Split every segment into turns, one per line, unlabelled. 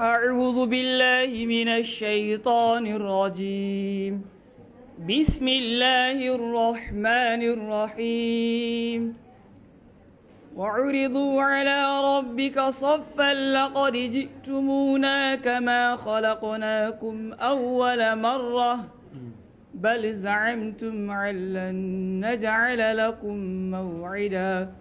أعوذ بالله من الشيطان الرجيم بسم الله الرحمن الرحيم وعرضوا على ربك صفا لقد جئتمونا كما خلقناكم أول مرة بل زعمتم علا أن نجعل لكم موعداً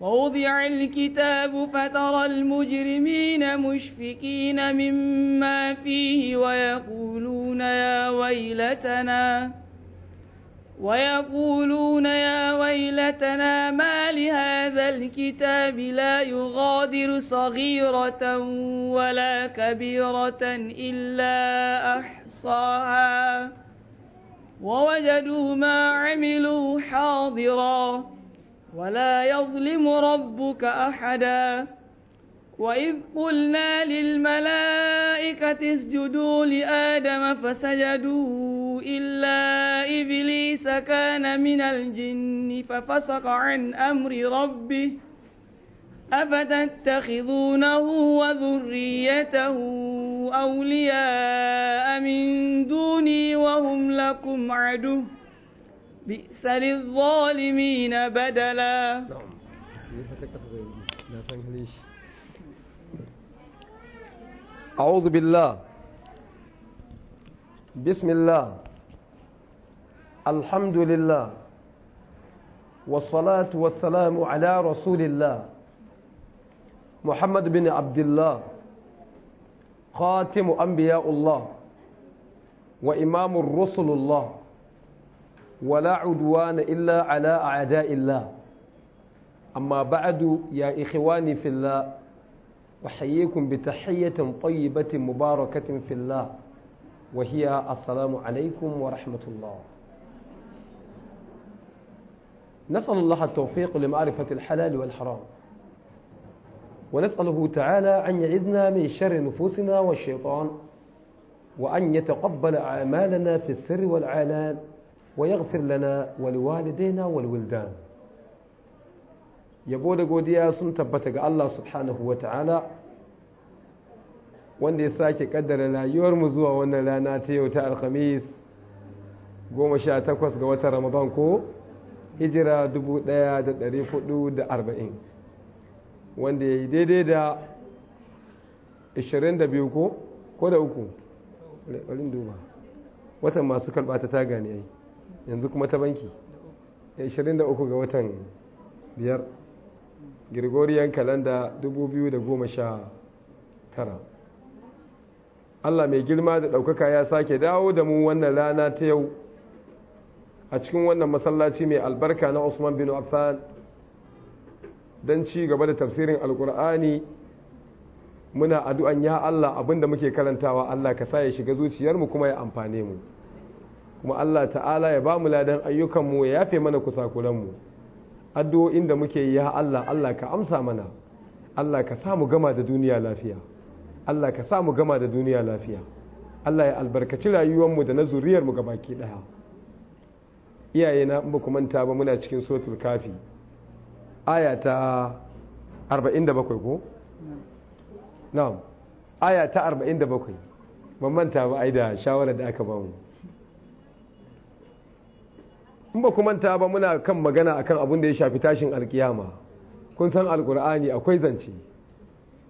ووضع الكتاب فترى المجرمين مشفقين مما فيه ويقولون يا ويلتنا ويقولون يا ويلتنا ما لهذا الكتاب لا يغادر صغيرة ولا كبيرة إلا أحصاها ووجدوا ما عملوا حاضراً ولا يظلم ربك أحدا وإذ قلنا للملائكة اسجدوا لآدم فسجدوا إلا إبليس كان من الجن ففسق عن أمر ربه أفتتخذونه وذريته أولياء من دوني وهم لكم عدو بئس للظالمين بدلا
نعم أعوذ بالله بسم الله الحمد لله والصلاة والسلام على رسول الله محمد بن عبد الله خاتم أنبياء الله وإمام الرسل الله ولا عدوان إلا على أعداء الله أما بعد يا إخواني في الله أحييكم بتحية طيبة مباركة في الله وهي السلام عليكم ورحمة الله نسأل الله التوفيق لمعرفة الحلال والحرام ونسأله تعالى أن يعذنا من شر نفوسنا والشيطان وأن يتقبل أعمالنا في السر والعلان ويغفر لنا ولوالدينا والولدان yabo da godiya sun tabbata ga Allah subhanahu wa ta'ala wanda ya sake kaddara rayuwarmu zuwa wannan rana ta yau ta alkhamis goma sha takwas ga watan ramadan ko hijira dubu ɗaya da ɗari da arba'in wanda ya yi daidai da ashirin da biyu ko da uku watan masu kalbata ta gane yanzu kuma ta banki 23 ga watan biyar gregorian kalanda 2019 Allah mai girma da ɗaukaka ya sake dawo da mu wannan rana ta yau a cikin wannan masallaci mai albarka na Usman bin Affan don ci gaba da tafsirin alkur'ani muna addu'an ya Allah abinda muke karantawa Allah ka sa ya shiga zuciyarmu kuma ya amfane mu kuma Allah ta'ala ya ba mu ladan ayyukanmu ya yafe mana kusakuranmu addu'o'in da muke yi ya Allah Allah ka amsa mana Allah ka sa mu gama da duniya lafiya Allah ka sa mu gama da duniya lafiya Allah ya albarkaci rayuwarmu da na zuriyarmu ga baki daya iyaye na in ku manta ba muna cikin suratul kafi aya ta 47 ko na'am aya ta 47 ban manta ba aida da shawara da aka ba mu. in ba kuma ta ba muna kan magana akan abin da ya shafi tashin alkiyama kun san alkur'ani akwai zance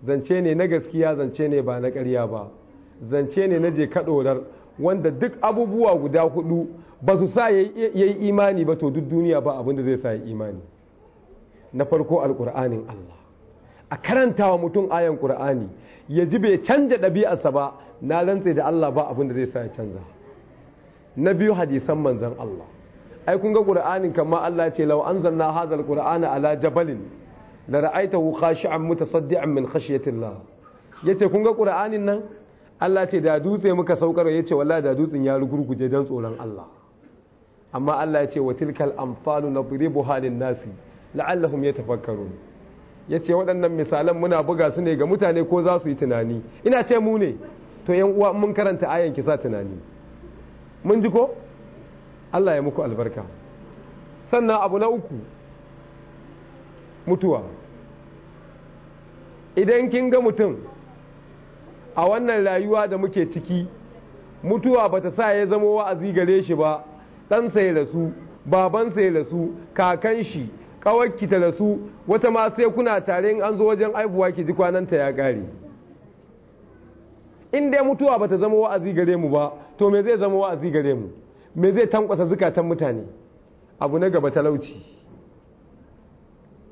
zance ne na gaskiya zance ne ba na ƙarya ba zance ne na je kaɗorar wanda duk abubuwa guda hudu ba su sa ya yi imani ba to duk duniya ba abin da zai sa ya imani na farko alkur'anin Allah a karantawa mutum ayan kur'ani ya ji bai canja ɗabi'arsa ba na rantse da Allah ba abin da zai sa ya canza na biyu hadisan manzan Allah ai kun ga qur'anin kamar Allah ce law anzalna hadha qur'ana ala jabalin la ra'aytahu khashi'an mutasaddian min khashyatillah yace kun ga qur'anin nan Allah ce da dutse muka saukar yace wallahi da dutsin ya rugurguje dan tsoron Allah amma Allah ya ce wa tilkal amfalu nadribuha lin nasi la'allahum yatafakkarun yace waɗannan misalan muna buga su ne ga mutane ko za su yi tunani ina ce mu ne to yan uwa mun karanta ayan ki sa tunani mun ji ko Allah ya muku albarka sannan abu na uku mutuwa idan kin ga mutum a wannan rayuwa da muke ciki mutuwa bata sa ya zama wa'azi gare shi ba ɗansa ya rasu babansa ya rasu kakan shi ƙawarki ta rasu wata ma sai kuna tare in an zo wajen aibuwa ki ji kwananta ya ƙare in dai mutuwa bata zama wa'azi gare mu ba to me zai zama wa'azi gare mu me zai tankwasa zukatan mutane abu na gaba talauci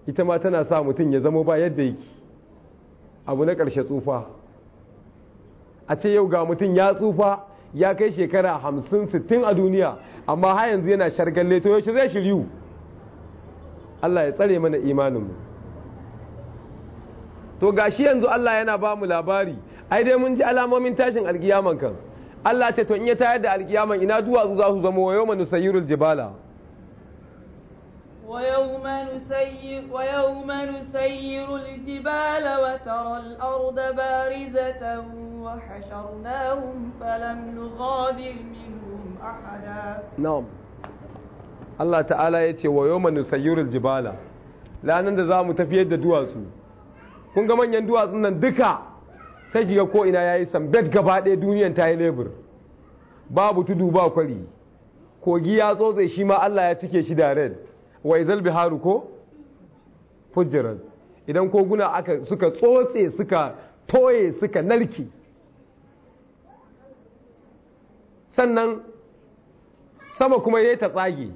ita ma tana sa mutum ya zama ba yadda yake abu na ƙarshe tsufa a ce yau ga mutum ya tsufa ya kai shekara hamsin sittin a duniya amma ha yanzu yana shargalle to yaushe zai shiryu Allah ya tsare mana imaninmu to ga shi yanzu Allah yana ba mu labari ai dai mun ji alamomin tashin alkiyaman kan Allah ce to in ya tayar da alkiyama ina duwatsu za su zama wa yau manu sayi jibala. Na’am, Allah ta’ala ya ce wa yau manu jibala, lanin da za mu tafiye da duwatsu, kun ga manyan duwatsun nan duka. sai shiga ko ina yayi sambet gaba ɗaya duniyan ta yi lebur babu tudu ba kwari kogi ya tsotse shi ma Allah ya cike shi da red wa izal biharu ko fujirat idan koguna aka suka tsotse suka toye suka narki sannan sama kuma ya yi ta tsage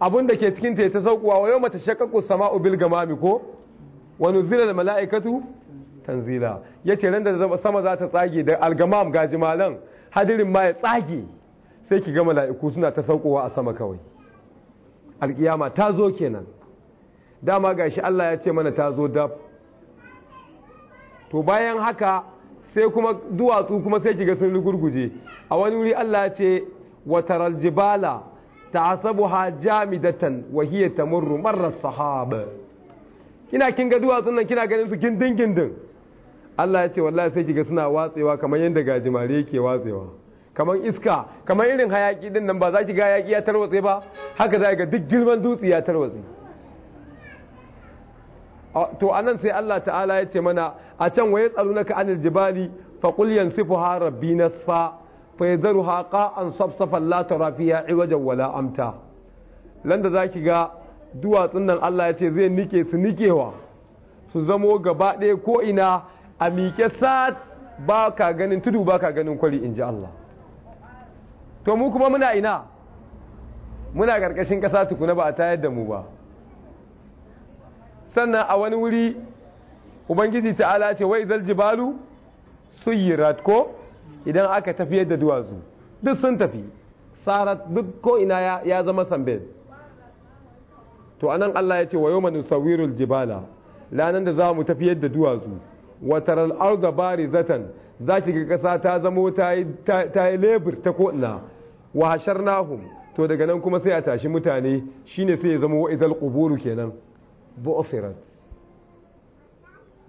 abun da ke cikin ta ta saukuwa wa yau mata shakakku sama'u bil gamami ko wa nuzila al mala'ikatu tanzila yace ran da sama za ta tsage da algamam gajimalan hadirin ma ya tsage sai ki ga mala'iku suna ta saukowa a sama kawai alkiyama ta zo kenan dama shi Allah ya ce mana ta zo dab to bayan haka sai kuma duwatsu kuma sai ki ga sun rugurguje a wani wuri Allah ya ce wataral jibala ha jamidatan wa hiya tamurru marra sahaba kina kin ga duwatsun nan kina ganin su gindin gindin Allah ya ce wallahi sai kiga suna watsewa kamar yadda gajimare yake watsewa kamar iska kamar irin hayaki din nan ba za ki ga hayaki ya tarwatse ba haka za ga duk girman dutse ya tarwatse to anan sai Allah ta'ala ya ce mana a can waye ka anil jibali faqul yansifuha rabbi nasfa fayadharuha qa'an safsafan la tara fiha iwaja wala amta landa zaki ga duwatsun nan Allah ya ce zai nike su nikewa su zamo gaba ɗaya ko ina a miƙe sat ba ka ganin tudu ba ka ganin kwari in ji Allah to mu kuma muna ina muna ƙarƙashin ƙasa tukuna ba a tayar da mu ba sannan a wani wuri ubangiji ta'ala ce wai zal jibalu yi ratko idan aka tafiyar da duwatsu duk sun tafi sarat duk ko ina ya zama sambel to anan Allah ya ce wayo manu sawirul jibala lanan da za mu tafiyar da duwatsu wataral Bari Zaton, za ki ga ƙasa ta zamo ta yi lebur ta ko'ina wa nahu to daga nan kuma sai a tashi mutane shine sai ya zama wa'izal Kuburu quburu kenan bu'sirat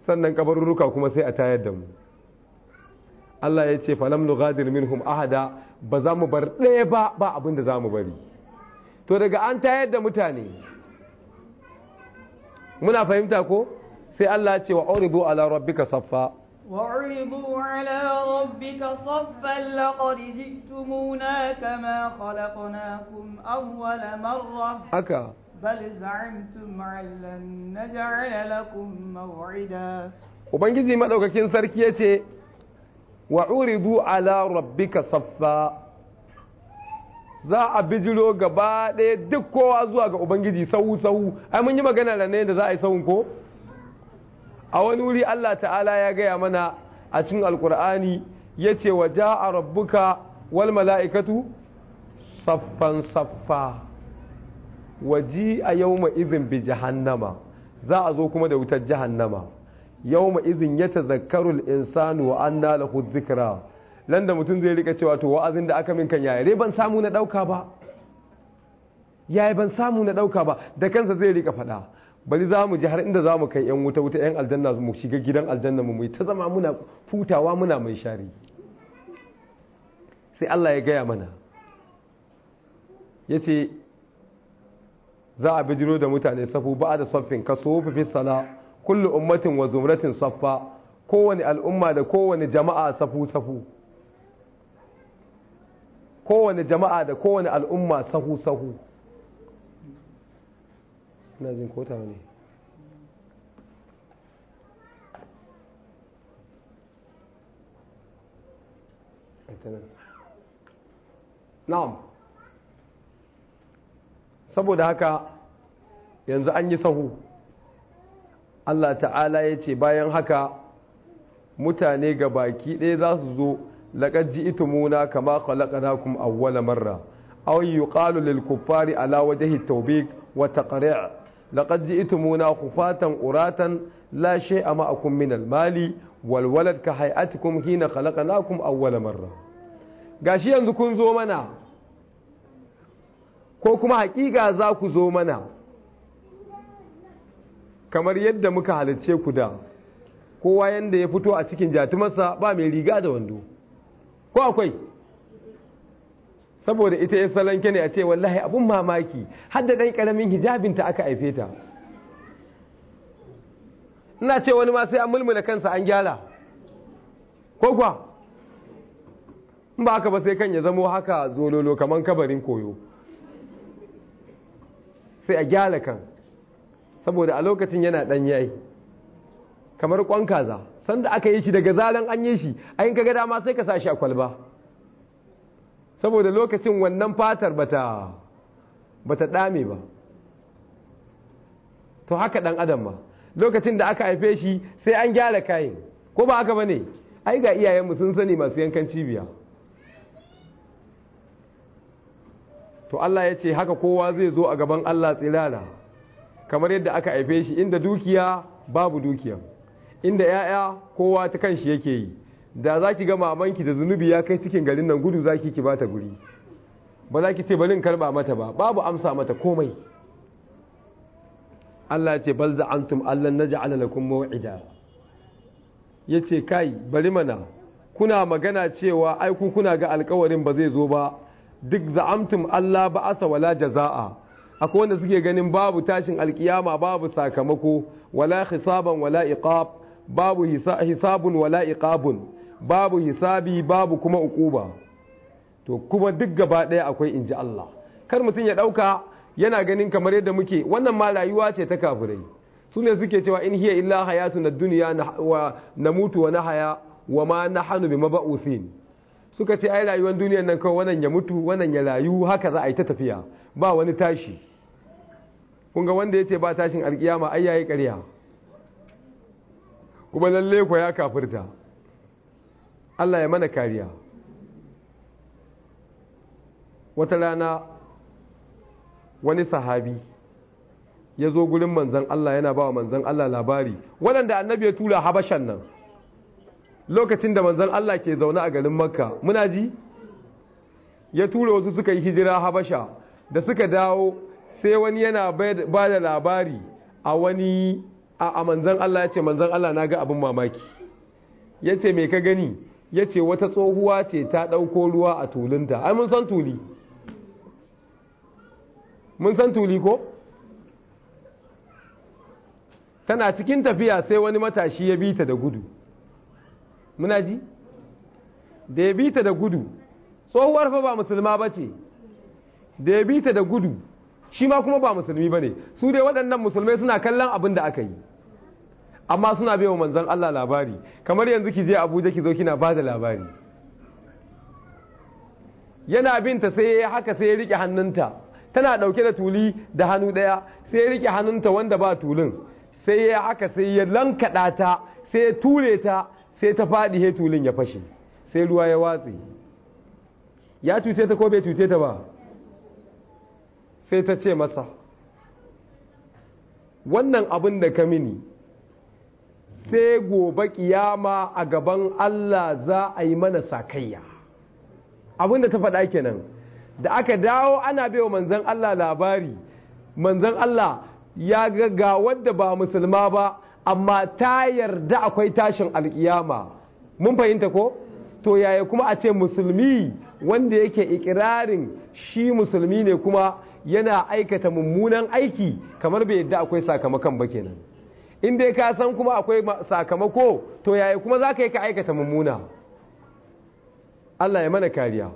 sannan kabarurruka kuma sai a tayar da mu Allah ya ce falam nughadir minhum ahada ba za mu bar ɗaya ba ba abin da za mu bari to daga an tayar da mutane muna fahimta ko sai Allah ce wa uridu ala rabbika saffa
wa uridu ala rabbika saffan laqad ji'tumuna kama khalaqnakum awwala marra haka bal za'amtum an naj'ala lakum maw'ida
ubangiji madaukakin sarki yace wa uridu ala rabbika saffa za a bijiro gaba ɗaya duk kowa zuwa ga ubangiji sau sau ai mun yi magana da ne da za a yi sau ko a wani wuri Allah ta'ala ya gaya mana a cikin alkur'ani ya ce wa a rabbuka wal mala'ikatu saffan saffa waji a yau izin bi jahannama za a zo kuma da wutar jahannama yau izin ya zakarul insanu wa anna lahu lan da mutum zai rika cewa to wa'azin da aka min kan yayi ban samu na ɗauka ba yayi ban samu na ɗauka ba da kansa zai rika faɗa. bari za mu ji har inda za mu kai 'yan wuta wuta 'yan aljanna mu shiga gidan aljanna mu ta zama muna futawa muna mai shari sai Allah ya gaya mana ya ce za a bijiro da mutane safu ba da saffin kaso fi sala kullu ummatin wa zumratin saffa kowane al'umma da kowane jama'a safu safu kowane jama'a da kowane al'umma sahu sahu لازم كوتا وني تمام na'am saboda haka yanzu an yi sahu Allah ta'ala ya ce bayan haka mutane ga baki ɗaya za su zo laƙar ji itimuna kama kwalaƙanakun awwala marra awon yi ƙalu lil kuffari ala wajahi taubik wata ƙari'a laqad ji'tumuna khufatan uratan la shay'a ma'akum min al-mali walwalar walad ka hay'atikum hina khalaqnakum awwala marra gashi yanzu kun zo mana ko kuma hakika za ku zo mana kamar yadda muka halicce ku da kowa yanda ya fito a cikin jatumarsa ba mai riga da wando ko akwai saboda ita ya salon ne a ce wallahi abun mamaki har da ɗan ƙaramin hijabinta aka haife ta ina ce wani ma sai an mulmula kansa an gyara ko kuwa in ba haka ba sai kan ya zamo haka zololo kamar kabarin koyo sai a gyara kan saboda a lokacin yana ɗan yayi kamar ƙwan kaza sanda aka yi shi daga zaran an yi shi a yin kaga dama sai ka sa shi a kwalba saboda lokacin wannan fatar bata bata dame ba to haka dan adam ma lokacin da aka haife shi sai an gyara kayan ko ba haka bane ai ga iyayen mu sun sani masu yankan cibiya to Allah ya ce haka kowa zai zo a gaban Allah tsirara kamar yadda aka haife shi inda dukiya babu dukiya inda 'ya'ya kowa ta kanshi yake yi da za ki gama amanki da zunubi ya kai cikin garin nan gudu za ki ki bata guri ba za ki ce balin karba mata ba babu amsa mata komai Allah ce bal za'antum allan naj'ala lakum maw'ida yace kai bari mana kuna magana cewa ai kuna ga alkawarin ba zai zo ba duk amtum Allah ba asa wala jazaa akwai wanda suke ganin babu tashin alkiyama babu sakamako wala hisaban wala iqab babu hisabun wala iqabun babu hisabi babu kuma ukuba to kuma duk gaba ɗaya akwai in ji Allah kar mutum ya ɗauka yana ganin kamar yadda muke wannan ma rayuwa ce ta kafirai su ne suke cewa in hiya illa hayatun na duniya na mutu wa wa ma na bi maba'usin suka ce ai rayuwar duniyar nan kawai wannan ya mutu wannan ya rayu haka za a yi ta tafiya ba wani tashi kun ga wanda ya ce ba tashin alkiyama ai yayi ƙarya kuma lalle ko ya kafirta Allah ya mana kariya wata rana wani sahabi ya zo gurin manzan Allah yana ba wa manzan Allah labari waɗanda annabi ya tura habashan nan lokacin da manzan Allah ke zaune a garin makka muna ji ya tura wasu suka yi hijira habasha da suka dawo sai wani yana ba da labari a wani a manzan Allah ya ce manzan Allah na ga abin mamaki ya ce me ka gani ya ce wata tsohuwa ce ta ɗauko ruwa a tulinta ai mun san tuli mun san tuli ko tana cikin tafiya sai wani matashi ya bita da gudu muna ji da ya bita da gudu tsohuwar fa ba musulma ba ce da ya bita da gudu shi ma kuma ba musulmi ba ne su dai waɗannan musulmai suna kallon abin da aka yi amma suna bai wa manzan Allah labari kamar yanzu ki je Abuja ki zo kina bada labari yana binta sai ya haka sai ya rike hannunta tana dauke da tuli da hannu daya sai ya rike hannunta wanda ba tulin sai ya haka sai ya lankada ta sai ya ture ta sai ta fadi he tulin ya fashe sai ruwa ya watse ya cuce ta ko bai cuce ta ba sai ta ce masa wannan abin da ka mini sai gobe kiyama a gaban Allah za a yi mana sakayya abin da ta faɗa kenan da aka dawo ana baiwa manzan Allah labari manzan Allah ya ga ga wadda ba musulma ba amma ta yarda akwai tashin alkiyama mun fahimta ko to yaya kuma a ce musulmi wanda yake ikirarin shi musulmi ne kuma yana aikata mummunan aiki kamar bai yadda akwai sakamakon ba kenan in dai ka san kuma akwai sakamako to yaya kuma za ka yi ka aikata mummuna Allah ya mana kariya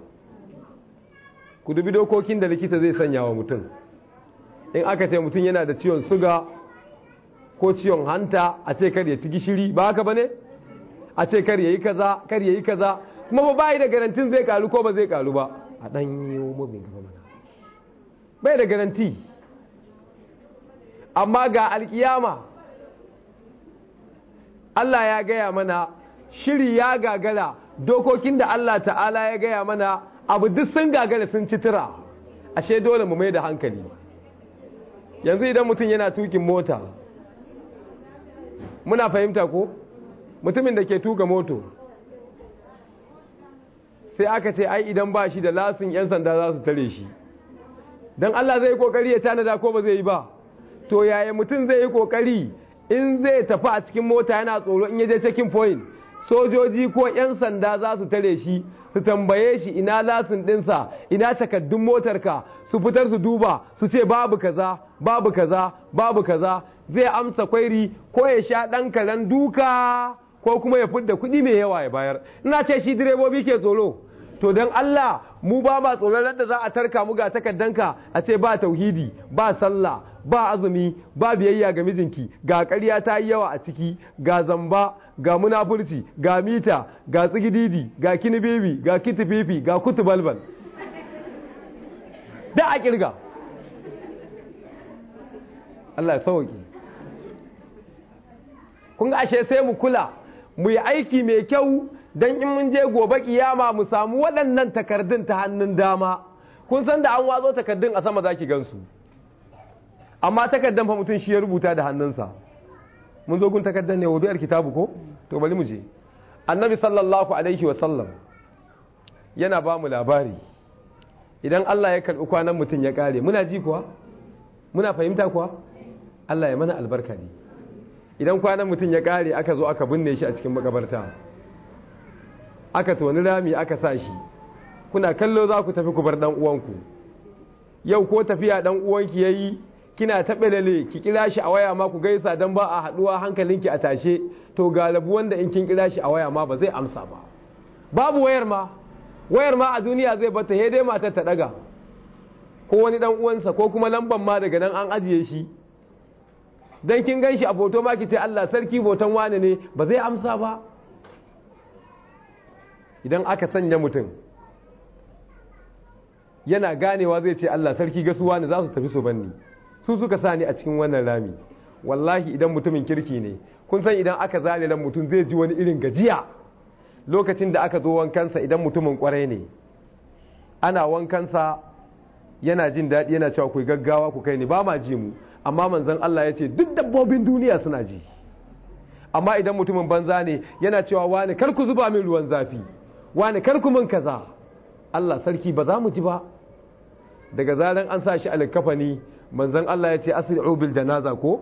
ku dubi dokokin da likita zai sanya wa mutum in aka ce mutum yana da ciwon suga ko ciwon hanta a ce kar ya ci gishiri ba haka bane a ce kar ya yi kaza kar ya yi kaza kuma ba bai da garantin zai karu ko ba zai karu ba a dan yi bin gaba mana bai da garanti amma ga alkiyama Allah ya gaya mana shiri ya gagara dokokin da Allah ta'ala ya gaya mana abu duk sun gagara sun citira ashe dole mu mai da hankali yanzu idan mutum yana tukin mota muna fahimta ko mutumin da ke tuka moto sai aka ce ai idan ba shi da lasin 'yan sanda za su tare shi don Allah zai kokari ya tanada ko ba zai yi ba to yaya mutum zai yi kokari in zai tafi a cikin mota yana tsoro in ya je checking point sojoji ko 'yan sanda za su tare shi su tambaye shi ina lasin ɗinsa ina takaddun motar ka su fitar su duba su ce babu kaza babu kaza babu kaza zai amsa kwairi ko ya sha ɗan karen duka ko kuma ya fidda kuɗi mai yawa ya bayar ina ce shi direbobi ke tsoro to don Allah mu ba ma tsoron da za a tarka mu ga takaddanka a ce ba tauhidi ba sallah ba azumi ba biyayya ga mijinki ga ƙarya ta yi yawa a ciki ga zamba ga munafurci ga mita ga tsigididi ga kinibibi ga kitififi ga kutu balbal. da a ƙirga. Allah ya sauƙi kun ashe sai mu kula mu yi aiki mai kyau don in mun je gobe kiyama mu samu waɗannan takardun ta hannun dama kun san da an wazo takardun a sama za ki gansu amma takardan fa mutum shi ya rubuta da hannunsa mun zo gun takardan ne wadu'ar kitabu ko to bari mu je annabi sallallahu alaihi wa sallam yana ba mu labari idan Allah ya karɓi kwanan mutum ya kare muna ji kuwa muna fahimta kuwa Allah ya mana albarka ne idan kwanan mutum ya kare aka zo aka binne shi a cikin makabarta aka toni rami aka sa shi kuna kallo za ku tafi ku bar dan uwanku yau ko tafiya dan uwanki yayi kina ta lale ki kira shi a waya ma ku gaisa don ba a haɗuwa hankalinki a tashe to galabu wanda in kin kira shi a waya ma ba zai amsa ba babu wayar ma wayar ma a duniya zai bata he dai matar ta ɗaga ko wani ɗan uwansa ko kuma lamban ma daga nan an ajiye shi dan kin ganshi a foto ma ki ce Allah sarki botan wani ne ba zai amsa ba idan aka sanya mutum yana ganewa zai ce Allah sarki gasuwa ne za su tafi su banni su suka sa ni a cikin wannan rami wallahi idan mutumin kirki ne kun san idan aka zale nan mutum zai ji wani irin gajiya lokacin da aka zo wankansa idan mutumin kwarai ne ana wankansa yana jin daɗi yana cewa ku gaggawa ku kai ni ba ma ji mu amma manzon Allah ya ce duk dabbobin duniya suna ji amma idan mutumin banza ne yana cewa wani kar ku zuba min ruwan zafi wani kar ku min kaza Allah sarki ba za mu ji ba daga zaran an sa shi alkafani manzan Allah ya ce asri'u bil janaza ko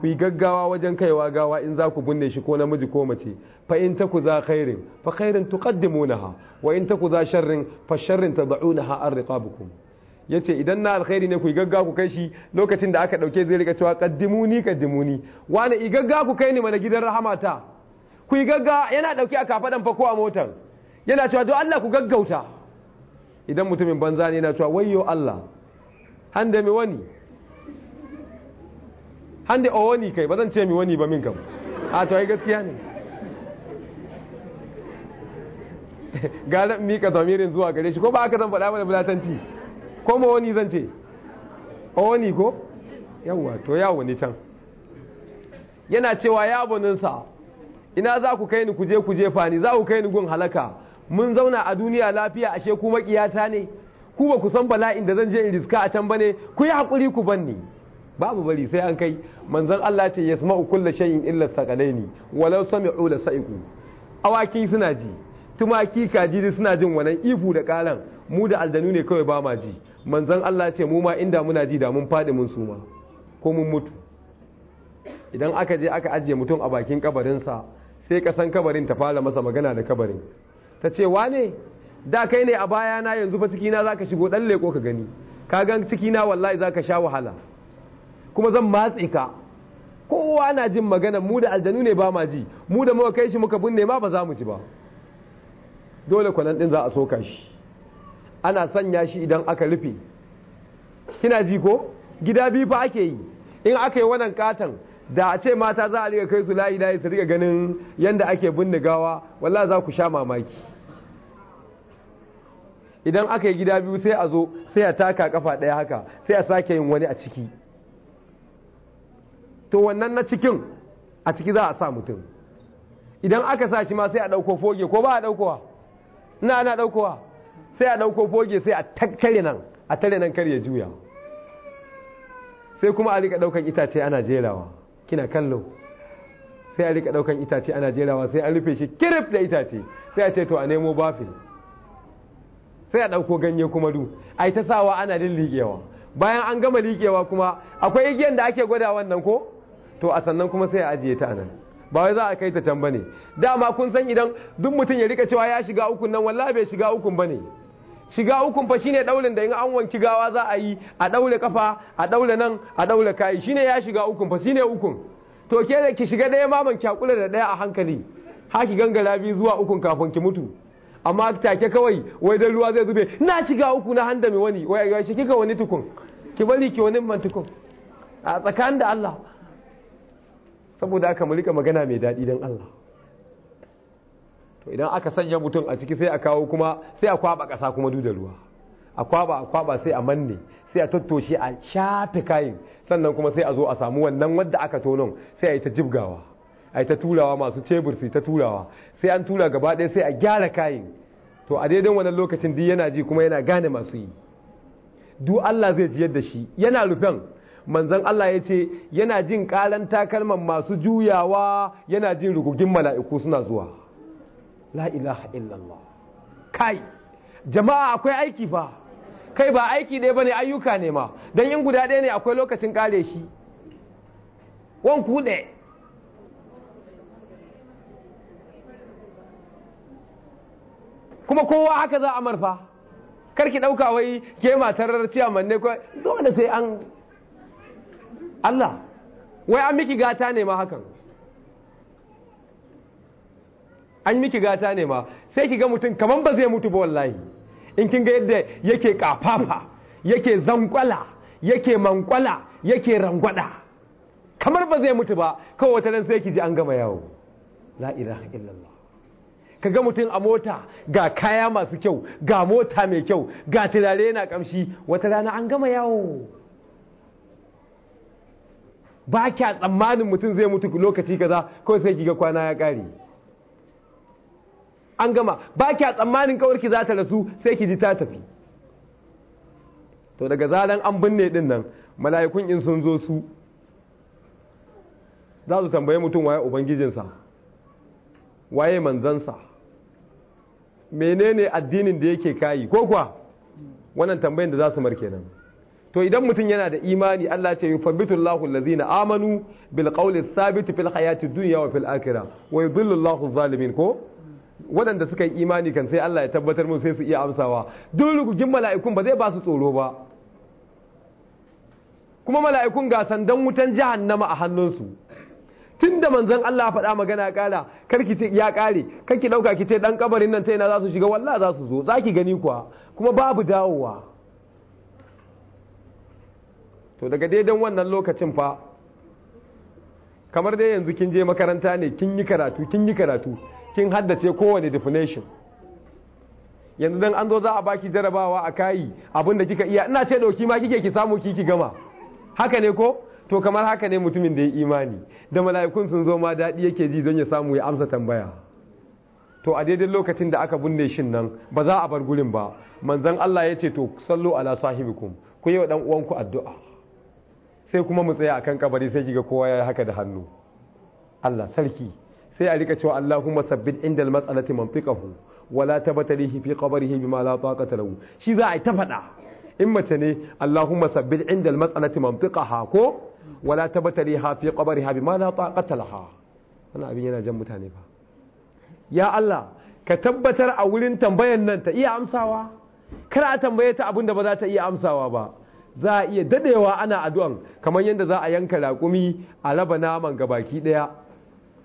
ku yi gaggawa wajen kaiwa gawa in za ku binne shi ko namiji ko mace fa in taku za khairin fa khairin tuqaddimunaha wa in taku za sharrin fa sharrin tad'unaha an Ya yace idan na alkhairi ne ku yi gaggawa ku kai shi lokacin da aka dauke zai rika cewa qaddimuni qaddimuni wani i gaggawa ku kai ni mana gidan rahamata ku yi gaggawa yana dauke a kafadan fa ko a motar yana cewa don Allah ku gaggauta idan mutumin banza ne yana cewa wayyo Allah handame wani hande o wani kai ba zan ce mi wani ba min kam a to ai gaskiya ne ga mi ka zamirin zuwa gare shi ko ba aka zan faɗa mana bulatanci ko ma wani zan ce o wani ko yawwa to yawo ne can yana cewa ya sa ina za ku kai ni ku je ku jefa ni za ku kai ni gun halaka mun zauna a duniya lafiya ashe ku makiyata ne ku ba ku san bala'in da zan je in riska a can bane ku yi hakuri ku banni babu bari sai an kai manzon Allah ce yasma'u kullu shay'in illa thaqalaini walau sami'u la saiku. awaki suna ji tumaki kaji suna jin wannan ifu da karan mu da aljanu ne kawai ba ma ji manzon Allah ce mu ma inda muna ji da mun fadi mun suma ko mun mutu idan aka je aka ajiye mutum a bakin kabarin sa sai kasan kabarin ta fara masa magana da kabarin ta ce wane da kai ne a bayana yanzu fa cikina zaka shigo dan leko ka gani ka gan cikina wallahi zaka sha wahala kuma zan matse ka kowa na jin magana mu da aljanu ne ba ma ji mu da muka kai shi muka binne ma ba za mu ji ba dole kwanan din za a soka shi ana sanya shi idan aka rufe kina ji ko gida biyu fa ake yi in aka yi wannan katon da a ce mata za a riga kai su layi layi su riga ganin yanda ake binne gawa wallahi za ku sha mamaki idan aka yi gida biyu sai a zo sai a taka kafa ɗaya haka sai a sake yin wani a ciki to wannan na cikin a ciki za a sa mutum idan aka sa shi ma sai a ɗauko foge ko ba a ɗaukowa ina ana ɗaukowa sai a ɗauko foge sai a takkare nan a tare nan kar ya juya sai kuma a rika ɗaukan itace ana jerawa kina kallo sai a rika ɗaukan itace ana jerawa sai an rufe shi kirif da itace sai a ce to a nemo bafin sai a ɗauko ganye kuma du a ta sawa ana lilliƙewa bayan an gama liƙewa kuma akwai igiyan da ake gwada wannan ko to a sannan kuma sai a ajiye ta nan ba wai za a kai ta can bane dama kun san idan duk mutum ya rika cewa ya shiga ukun nan wallahi bai shiga ukun bane shiga ukun fa shine daulin da in an wanki gawa za a yi a daure kafa a daure nan a daure kai shine ya shiga ukun fa shine ukun to ke da ki shiga daya maman ki da daya a hankali ha ki gangara bi zuwa ukun kafin ki mutu amma take kawai wai dan ruwa zai zube na shiga uku na handa mai wani wai shi kika wani tukun ki bari ki wani mantukun. a tsakanin da Allah saboda aka mulika magana mai daɗi don Allah to idan aka sanya mutum a ciki sai a kawo kuma sai a kwaba ƙasa kuma duk da ruwa a kwaba a kwaba sai a manne sai a tattoshe a shafe kayan sannan kuma sai a zo a samu wannan wadda aka tonon sai a yi ta jibgawa a yi ta turawa masu cebur su ta turawa sai an tura gaba ɗaya sai a gyara kayan to a daidai wannan lokacin duk yana ji kuma yana gane masu yi duk Allah zai ji yadda shi yana rufen manzon Allah ya ce yana jin karan takalman masu juyawa yana jin rugugin mala'iku suna zuwa la ilaha illallah kai jama'a akwai aiki fa kai ba aiki ɗaya ne ayyuka ne ma dan yin guda ɗaya ne akwai lokacin ƙare shi wan kuɗe kuma kowa haka za a marfa karki ɗauka wai ke matar ciyaman ne kawai dole sai an Allah wai an miki gata ne ma hakan an miki gata ne ma sai ki ga mutum kamar ba zai mutu ba wallahi in kin ga yadda yake kafafa yake zankwala yake mankwala yake rangwada kamar ba zai mutu ba kawai wata nan sai ki ji an gama yawo la ilaha illallah ka ga mutum a mota ga kaya masu kyau ga mota mai kyau ga turare yana kamshi wata rana an gama yawo ba kya tsammanin mutum zai mutu lokaci kaza kawai sai kiga kwana ya kare an gama ba kya tsammanin kawarki za ta rasu sai ki ji ta tafi to daga zalan an binne din nan mala'ikun in sun zo su za su tambaye mutum waye ubangijinsa waye manzansa menene addinin da yake kayi ko kuwa wannan tambayin da za su marke nan to idan mutum yana da imani Allah ce yufabbitu Allahu allazina amanu bil qawli thabit fil hayati dunya wa fil akhirah wa yudhillu zalimin ko waɗanda suka yi imani kan sai Allah ya tabbatar mun sai su iya amsawa duk rukukin mala'ikun ba zai ba su tsoro ba kuma mala'ikun ga sandan wutan jahannama a hannunsu tunda manzon Allah faɗa magana "Kar karki ce ya ƙare karki ɗauka ki ce ɗan kabarin nan ta ina za su shiga wallah za su zo ki gani kuwa kuma babu dawowa to daga daidan wannan lokacin fa kamar dai yanzu kin je makaranta ne kin yi karatu kin yi karatu kin haddace kowane definition yanzu dan an zo za a baki jarabawa a kayi abinda kika iya ina ce dauki ma kike ki samu kiki gama haka ne ko to kamar haka ne mutumin da ya imani da mala'ikun sun zo ma daɗi yake ji don ya samu ya amsa tambaya to a daidai lokacin da aka binne shin nan ba za a bar gurin ba manzon Allah ya ce to sallu ala sahibikum ku yi wa dan uwanku addu'a sai kuma mu tsaya akan kabari sai kiga kowa ya haka da hannu Allah sarki sai a rika cewa Allahumma sabbit indal mas'alati mantiqahu wala tabtalihi fi qabrihi bima la taqata lahu shi za a ta fada in mace ne Allahumma sabbit indal mas'alati mantiqaha ko wala tabtaliha fi qabriha bima la taqata laha wannan abin yana jan mutane fa ya Allah ka tabbatar a wurin tambayan nan ta iya amsawa kar a tambaye ta abin da ba za ta iya amsawa ba za a iya dadewa ana addu'an kamar yadda za a yanka raƙumi a raba naman ga baki ɗaya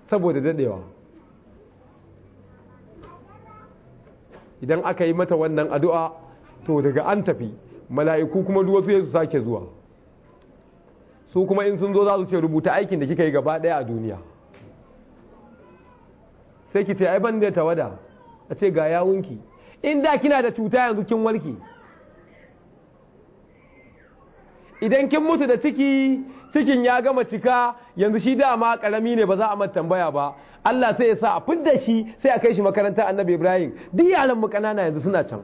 saboda dadewa idan aka yi mata wannan addu'a to daga an tafi mala'iku kuma duk wasu su sake zuwa su kuma in sun zo za su ce rubuta aikin da kika yi gaba daya a duniya sai ki ce ai ban da tawada a ce ga yawunki in da kina da cuta yanzu kin warke idan kin mutu da ciki cikin ya gama cika yanzu shi dama karami ne ba za a mata tambaya ba Allah sai ya sa a fidda shi sai a kai shi makarantar Annabi Ibrahim duk yaran mu kanana yanzu suna can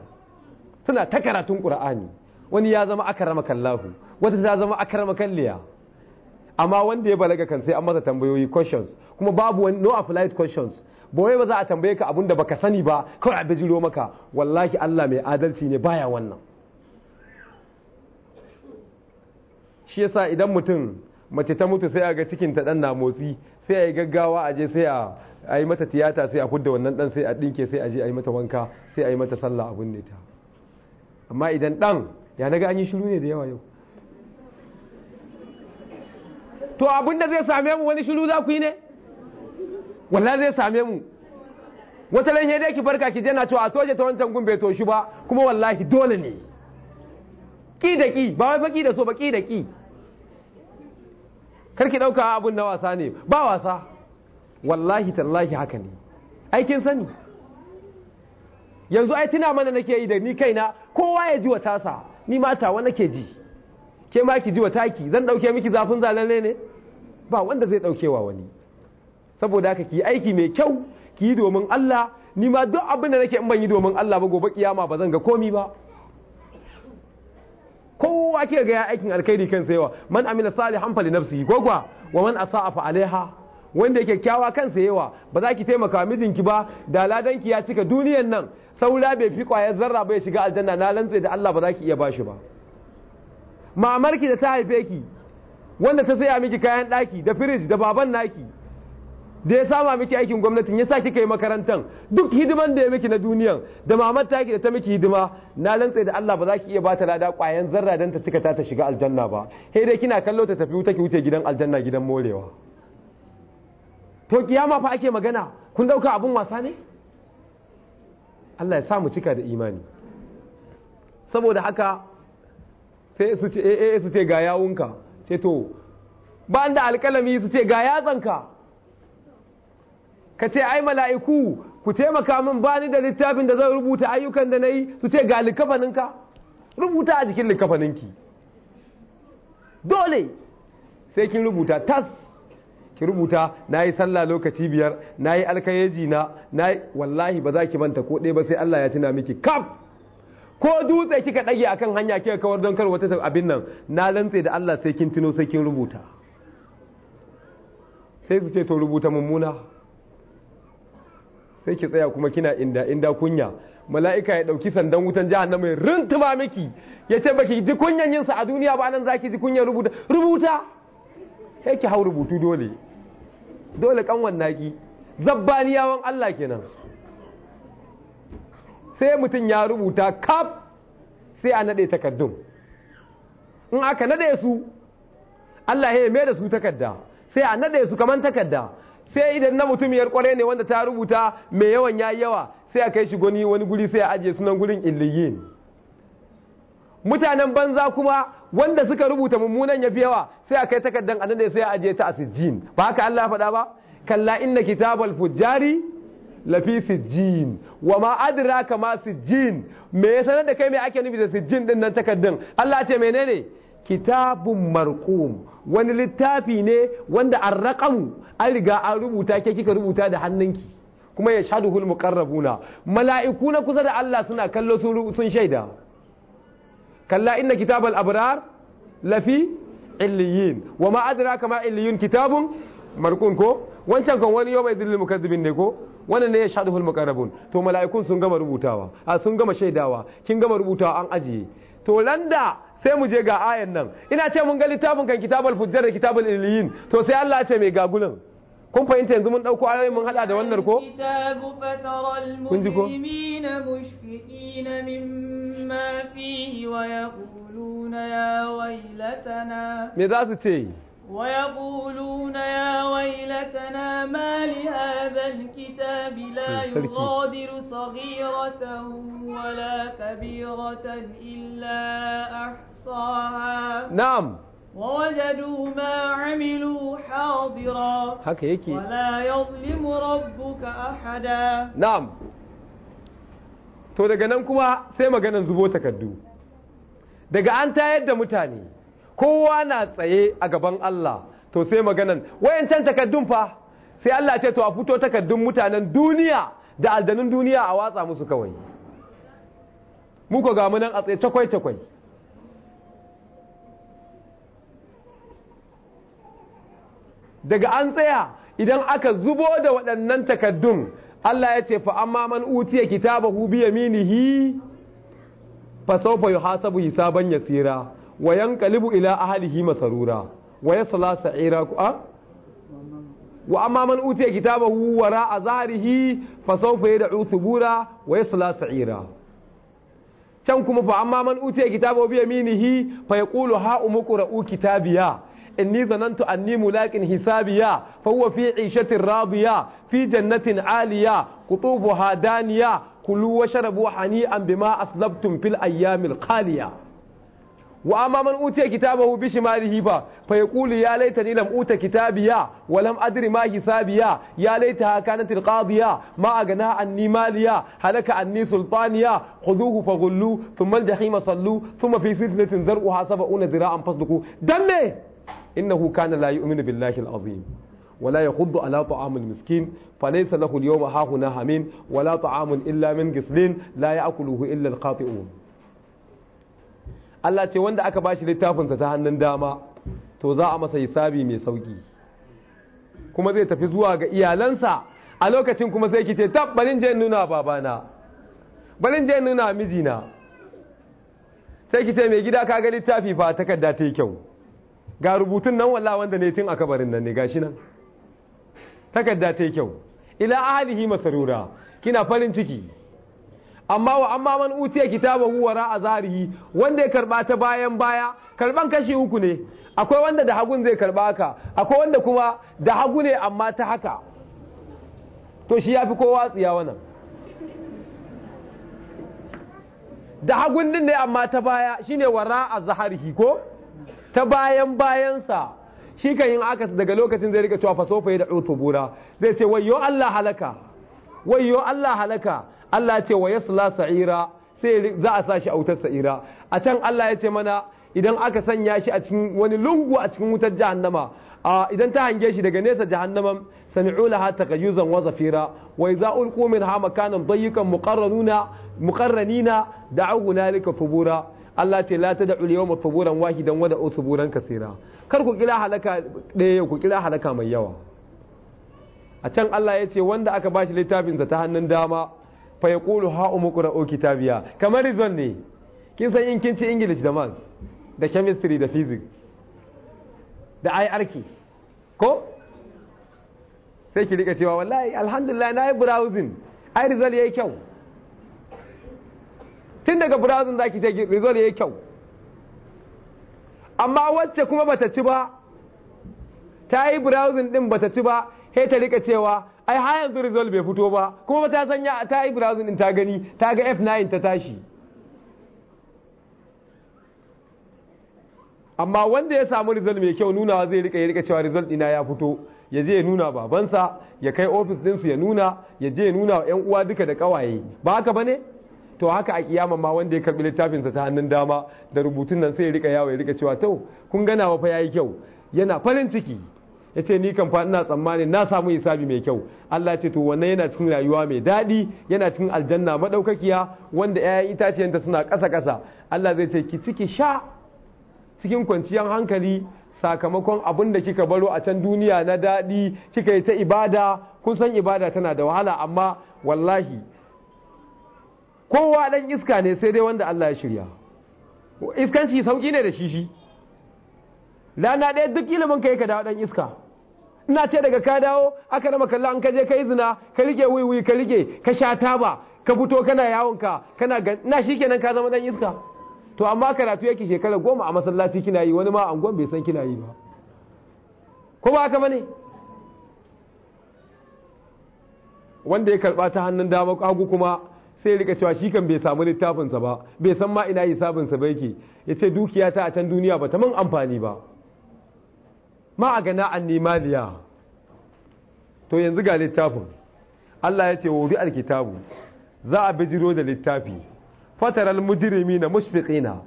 suna ta karatun Qur'ani wani ya zama akarama kallahu wata ta zama akarama kalliya amma wanda ya balaga kan sai an masa tambayoyi questions kuma babu wani no applied questions boye ba za a tambaye ka abinda da baka sani ba kawai a bijiro maka wallahi Allah mai adalci ne baya wannan shi yasa idan mutum mace ta mutu sai a ga cikin ta dan na motsi sai a yi gaggawa a je sai a yi mata tiyata sai a fudda wannan dan sai a dinke sai a je a yi mata wanka sai a yi mata sallah abun ne ta amma idan dan ya naga an yi shiru ne da yawa yau to abin da zai same mu wani shiru za ku yi ne walla zai same mu wata lanye dai ki barka ki je na to a soje ta wancan gumbe to shi ba kuma wallahi dole ne ƙi da ƙi ba wai faƙi da so ba ƙi da ƙi karki ɗauka abun na wasa ne ba wasa wallahi tallahi haka ne aikin sani yanzu ai tuna mana nake yi da ni kaina kowa ya ji wa tasa ni ma tawa nake ji ke ma ki ji wa taki zan ɗauke miki zafin zalalle ne ba wanda zai ɗaukewa wani saboda haka ki aiki mai kyau ki yi domin Allah ni ma duk abin da nake in ban yi domin Allah ba gobe kiyama ba zan ga komi ba kowa ke ga ya aikin alkhairi kan yawa man amila salihan fali nafsihi gogwa wa man asa'a fa alaiha wanda yake kyawa kansa yawa ba za ki taimaka mijinki ba da ladanki ya cika duniyan nan saura bai fi kwayar zarra bai shiga aljanna na lantse da Allah ba za ki iya bashi ba mamarki da ta haife ki wanda ta saya miki kayan daki da firij da baban naki da ya sama miki aikin gwamnatin ya sa kika yi makarantan duk hidiman da ya miki na duniyan da mamar taki da ta miki hidima na lantsa da Allah ba za ki iya bata lada kwayan zarra dan ta cika ta ta shiga aljanna ba sai dai kina kallo ta tafi wuta ki wuce gidan aljanna gidan morewa to kiyama fa ake magana kun dauka abun wasa ne Allah ya sa mu cika da imani saboda haka sai su ce eh eh, eh su ce ga yawunka sai to ba da alkalami su ce ga yatsanka ka ce ai mala'iku ku taimaka min bani da littafin da zan rubuta ayyukan da na yi su ce ga likafaninka rubuta a jikin likafaninki dole sai kin rubuta tas ki rubuta na yi sallah lokaci biyar na yi alkayeji na na wallahi ba za ki manta ko ɗaya ba sai Allah ya tuna miki kaf ko dutse kika ɗage akan hanya kika kawar don kar wata abin nan na lantse da Allah sai kin tuno sai kin rubuta sai su ce to rubuta mummuna sai ki tsaya kuma kina inda inda kunya mala'ika ya dauki sandan wutan jahannama ya rintuma miki ya ce baki ji kunyan yinsa a duniya ba nan zaki ji kunyan rubuta rubuta sai ki hau rubutu dole dole kanwan naki zabbaniyawan Allah kenan sai mutum ya rubuta kaf sai a nade takaddun in aka nade su Allah ya mai da su takadda sai a nade su kaman takadda sai idan na mutum mutumiyar kware ne wanda ta rubuta mai yawan yayi yawa sai a kai shi goni wani guri sai a ajiye sunan gurin illiyin mutanen banza kuma wanda suka rubuta mummunan yafi yawa sai a kai takardan annabi sai a ajiye ta a sijjin ba haka Allah ya faɗa ba kalla inna kitabal fujjari lafi sijjin wa ma adraka ma sijjin me ya sanar da kai me ake nufi da sijjin din nan takardan Allah ce menene kitabun marqum wani littafi ne wanda an raƙamu an riga an rubuta ke kika rubuta da hannunki kuma ya hulmu muqarrabuna mala'iku na kusa da Allah suna kallo sun shaida kalla inna kitabal abrar lafi illiyin wa ma adraka kama illiyin kitabun marqum ko wancan kan wani yawma idil mukazzibin ne ko wannan ne ya hulmu muqarrabun to mala'ikun sun gama rubutawa a sun gama shaidawa kin gama rubutawa an ajiye to landa sai mu je ga ayan nan ina ce mun ga littafin kan kitabul fujjar da kitabul iliyin to sai Allah ya ce mai gagulan kun fahimta yanzu mun dauko ayoyi mun hada da wannan ko kun ji ko me za su ce
ويقولون يا ويلتنا ما لهذا الكتاب لا يغادر صغيرة ولا كبيرة إلا أحصاها نعم ووجدوا ما عملوا حاضرا
هكيكي ولا
يظلم ربك أحدا
نعم to daga nan kuma sai maganan zubo takardu daga an tayar da mutane kowa na tsaye a gaban Allah to sai maganan wayancan takaddun fa sai Allah ce to a fito takaddun mutanen duniya da aldanun duniya a watsa musu kawai mu ko ga mu nan a tsaye takwai takwai daga an tsaya idan aka zubo da waɗannan takaddun Allah ya ce fa amma man utiya kitabahu bi yaminihi fa sawfa yuhasabu hisaban yasira وينقلب الى اهله مسرورا ويصلى سعيرا آه؟ واما من اوتي كتابه وراء ظهره فسوف يدعو ثبورا ويصلى سعيرا كان كما اما من اوتي كتابه بيمينه فيقول ها امقرؤ كتابيا اني ظننت اني ملاك حسابيا فهو في عيشه راضيه في جنه عاليه قطوفها دانيا كلوا وشربوا حنيئا بما اسلبتم في الايام الخاليه واما من اوتي كتابه بشماله با فيقول يا ليتني لم اوت كتابيا ولم ادري ما حسابيا يا ليتها كانت القاضيه ما اغنى عني ماليا هلك عني سلطانيا خذوه فغلوه ثم الجحيم صلوه ثم في سلسله زرقها سبعون ذراعا فاصدقوا دمه انه كان لا يؤمن بالله العظيم ولا يخض على طعام المسكين فليس له اليوم هاهنا همين ولا طعام الا من قسلين لا ياكله الا الخاطئون Allah ce wanda aka bashi littafinsa ta hannun dama to za a masa hisabi mai sauki kuma zai tafi zuwa ga iyalansa a lokacin kuma sai kice tab barin je nuna babana barin je nuna mijina sai kice mai gida ka ga littafi fa takarda ta yi kyau ga rubutun nan walla wanda ne tun a kabarin nan ne gashi nan takarda ta yi kyau ila ahlihi masarura kina farin ciki amma wa amma man utiya kitabahu wara azarihi wanda ya karba ta bayan baya karban kashi uku ne akwai wanda da hagun zai karba ka akwai wanda kuma da hagu ne amma ta haka to shi yafi kowa tsiya wannan da hagun din ne amma ta baya shine wara azharihi ko ta bayan bayansa shi kan yin aka daga lokacin zai rika cewa fasofa ya da utubura zai ce wayyo Allah halaka wayyo Allah halaka Allah ya ce wa yasla sa'ira sai za a sashi a wutar sa'ira a can Allah ya ce mana idan aka sanya shi a cikin wani lungu a cikin wutar jahannama idan ta hange shi daga nesa jahannaman sami'u laha taqayyuzan wa zafira wa idza ulqu minha makanan dayyikan muqarranuna muqarranina da'u hunalika fubura Allah ce la tad'u al-yawma fuburan wahidan wa da'u suburan kaseera kar ku kila halaka ɗaya ku kila halaka mai yawa a can Allah ya ce wanda aka bashi littafinsa ta hannun dama fa ya ƙulu ha'umu o kitabiya kamar rizon ne kin san in kin ci english da maths da chemistry da physics da arki ko sai ki rika cewa wallahi alhamdulillah na yi browsing ai result ya yi kyau tun daga browsing za ki ce result ya yi kyau amma wacce kuma bata ci ba ta yi browsing din bata ci ba sai ta rika cewa ai har yanzu result bai fito ba kuma ta sanya ta yi browsing din ta gani ta ga F9 ta tashi amma wanda ya samu result mai kyau nunawa zai rika ya rika cewa result dina ya fito ya je ya nuna babansa ya kai ofis su ya nuna ya je ya nuna wa 'yan uwa duka da kawaye ba haka ba ne to haka a kiyama ma wanda ya littafin littafinsa ta hannun dama da rubutun nan sai ya rika yawo ya rika cewa to kun gana wa fa yayi kyau yana farin ciki ya ce ni kan na ina tsammani na samu hisabi mai kyau Allah ce to wannan yana cikin rayuwa mai daɗi yana cikin aljanna maɗaukakiya wanda 'ya'yan itaciyanta suna ƙasa ƙasa Allah zai ce ki ciki sha cikin kwanciyar hankali sakamakon abin da kika baro a can duniya na daɗi kika yi ta ibada kun san ibada tana da wahala amma wallahi kowa ɗan iska ne sai dai wanda Allah ya shirya iskanci sauƙi ne da shi shi rana ɗaya duk ilimin ka yi ka dawo ɗan iska ina ce daga ka dawo aka rama kalla an kaje yi zina ka rike wiwi ka rike ka sha taba ka fito kana yawon ka kana gan na shikenan ka zama dan iska to amma karatu yake shekara goma a masallaci kina yi wani ma angon bai san kina yi ba ko ba haka bane wanda ya karba ta hannun dama kagu kuma sai rika cewa shi kan bai samu littafinsa ba bai san ma ina hisabinsa ba yake yace dukiya ta a can duniya ba ta mun amfani ba ma a gana an nimaliya to yanzu ga littafin Allah ya ce wa wuri alkitabu za a bijiro da littafi fataral mujrimi na mushfiqina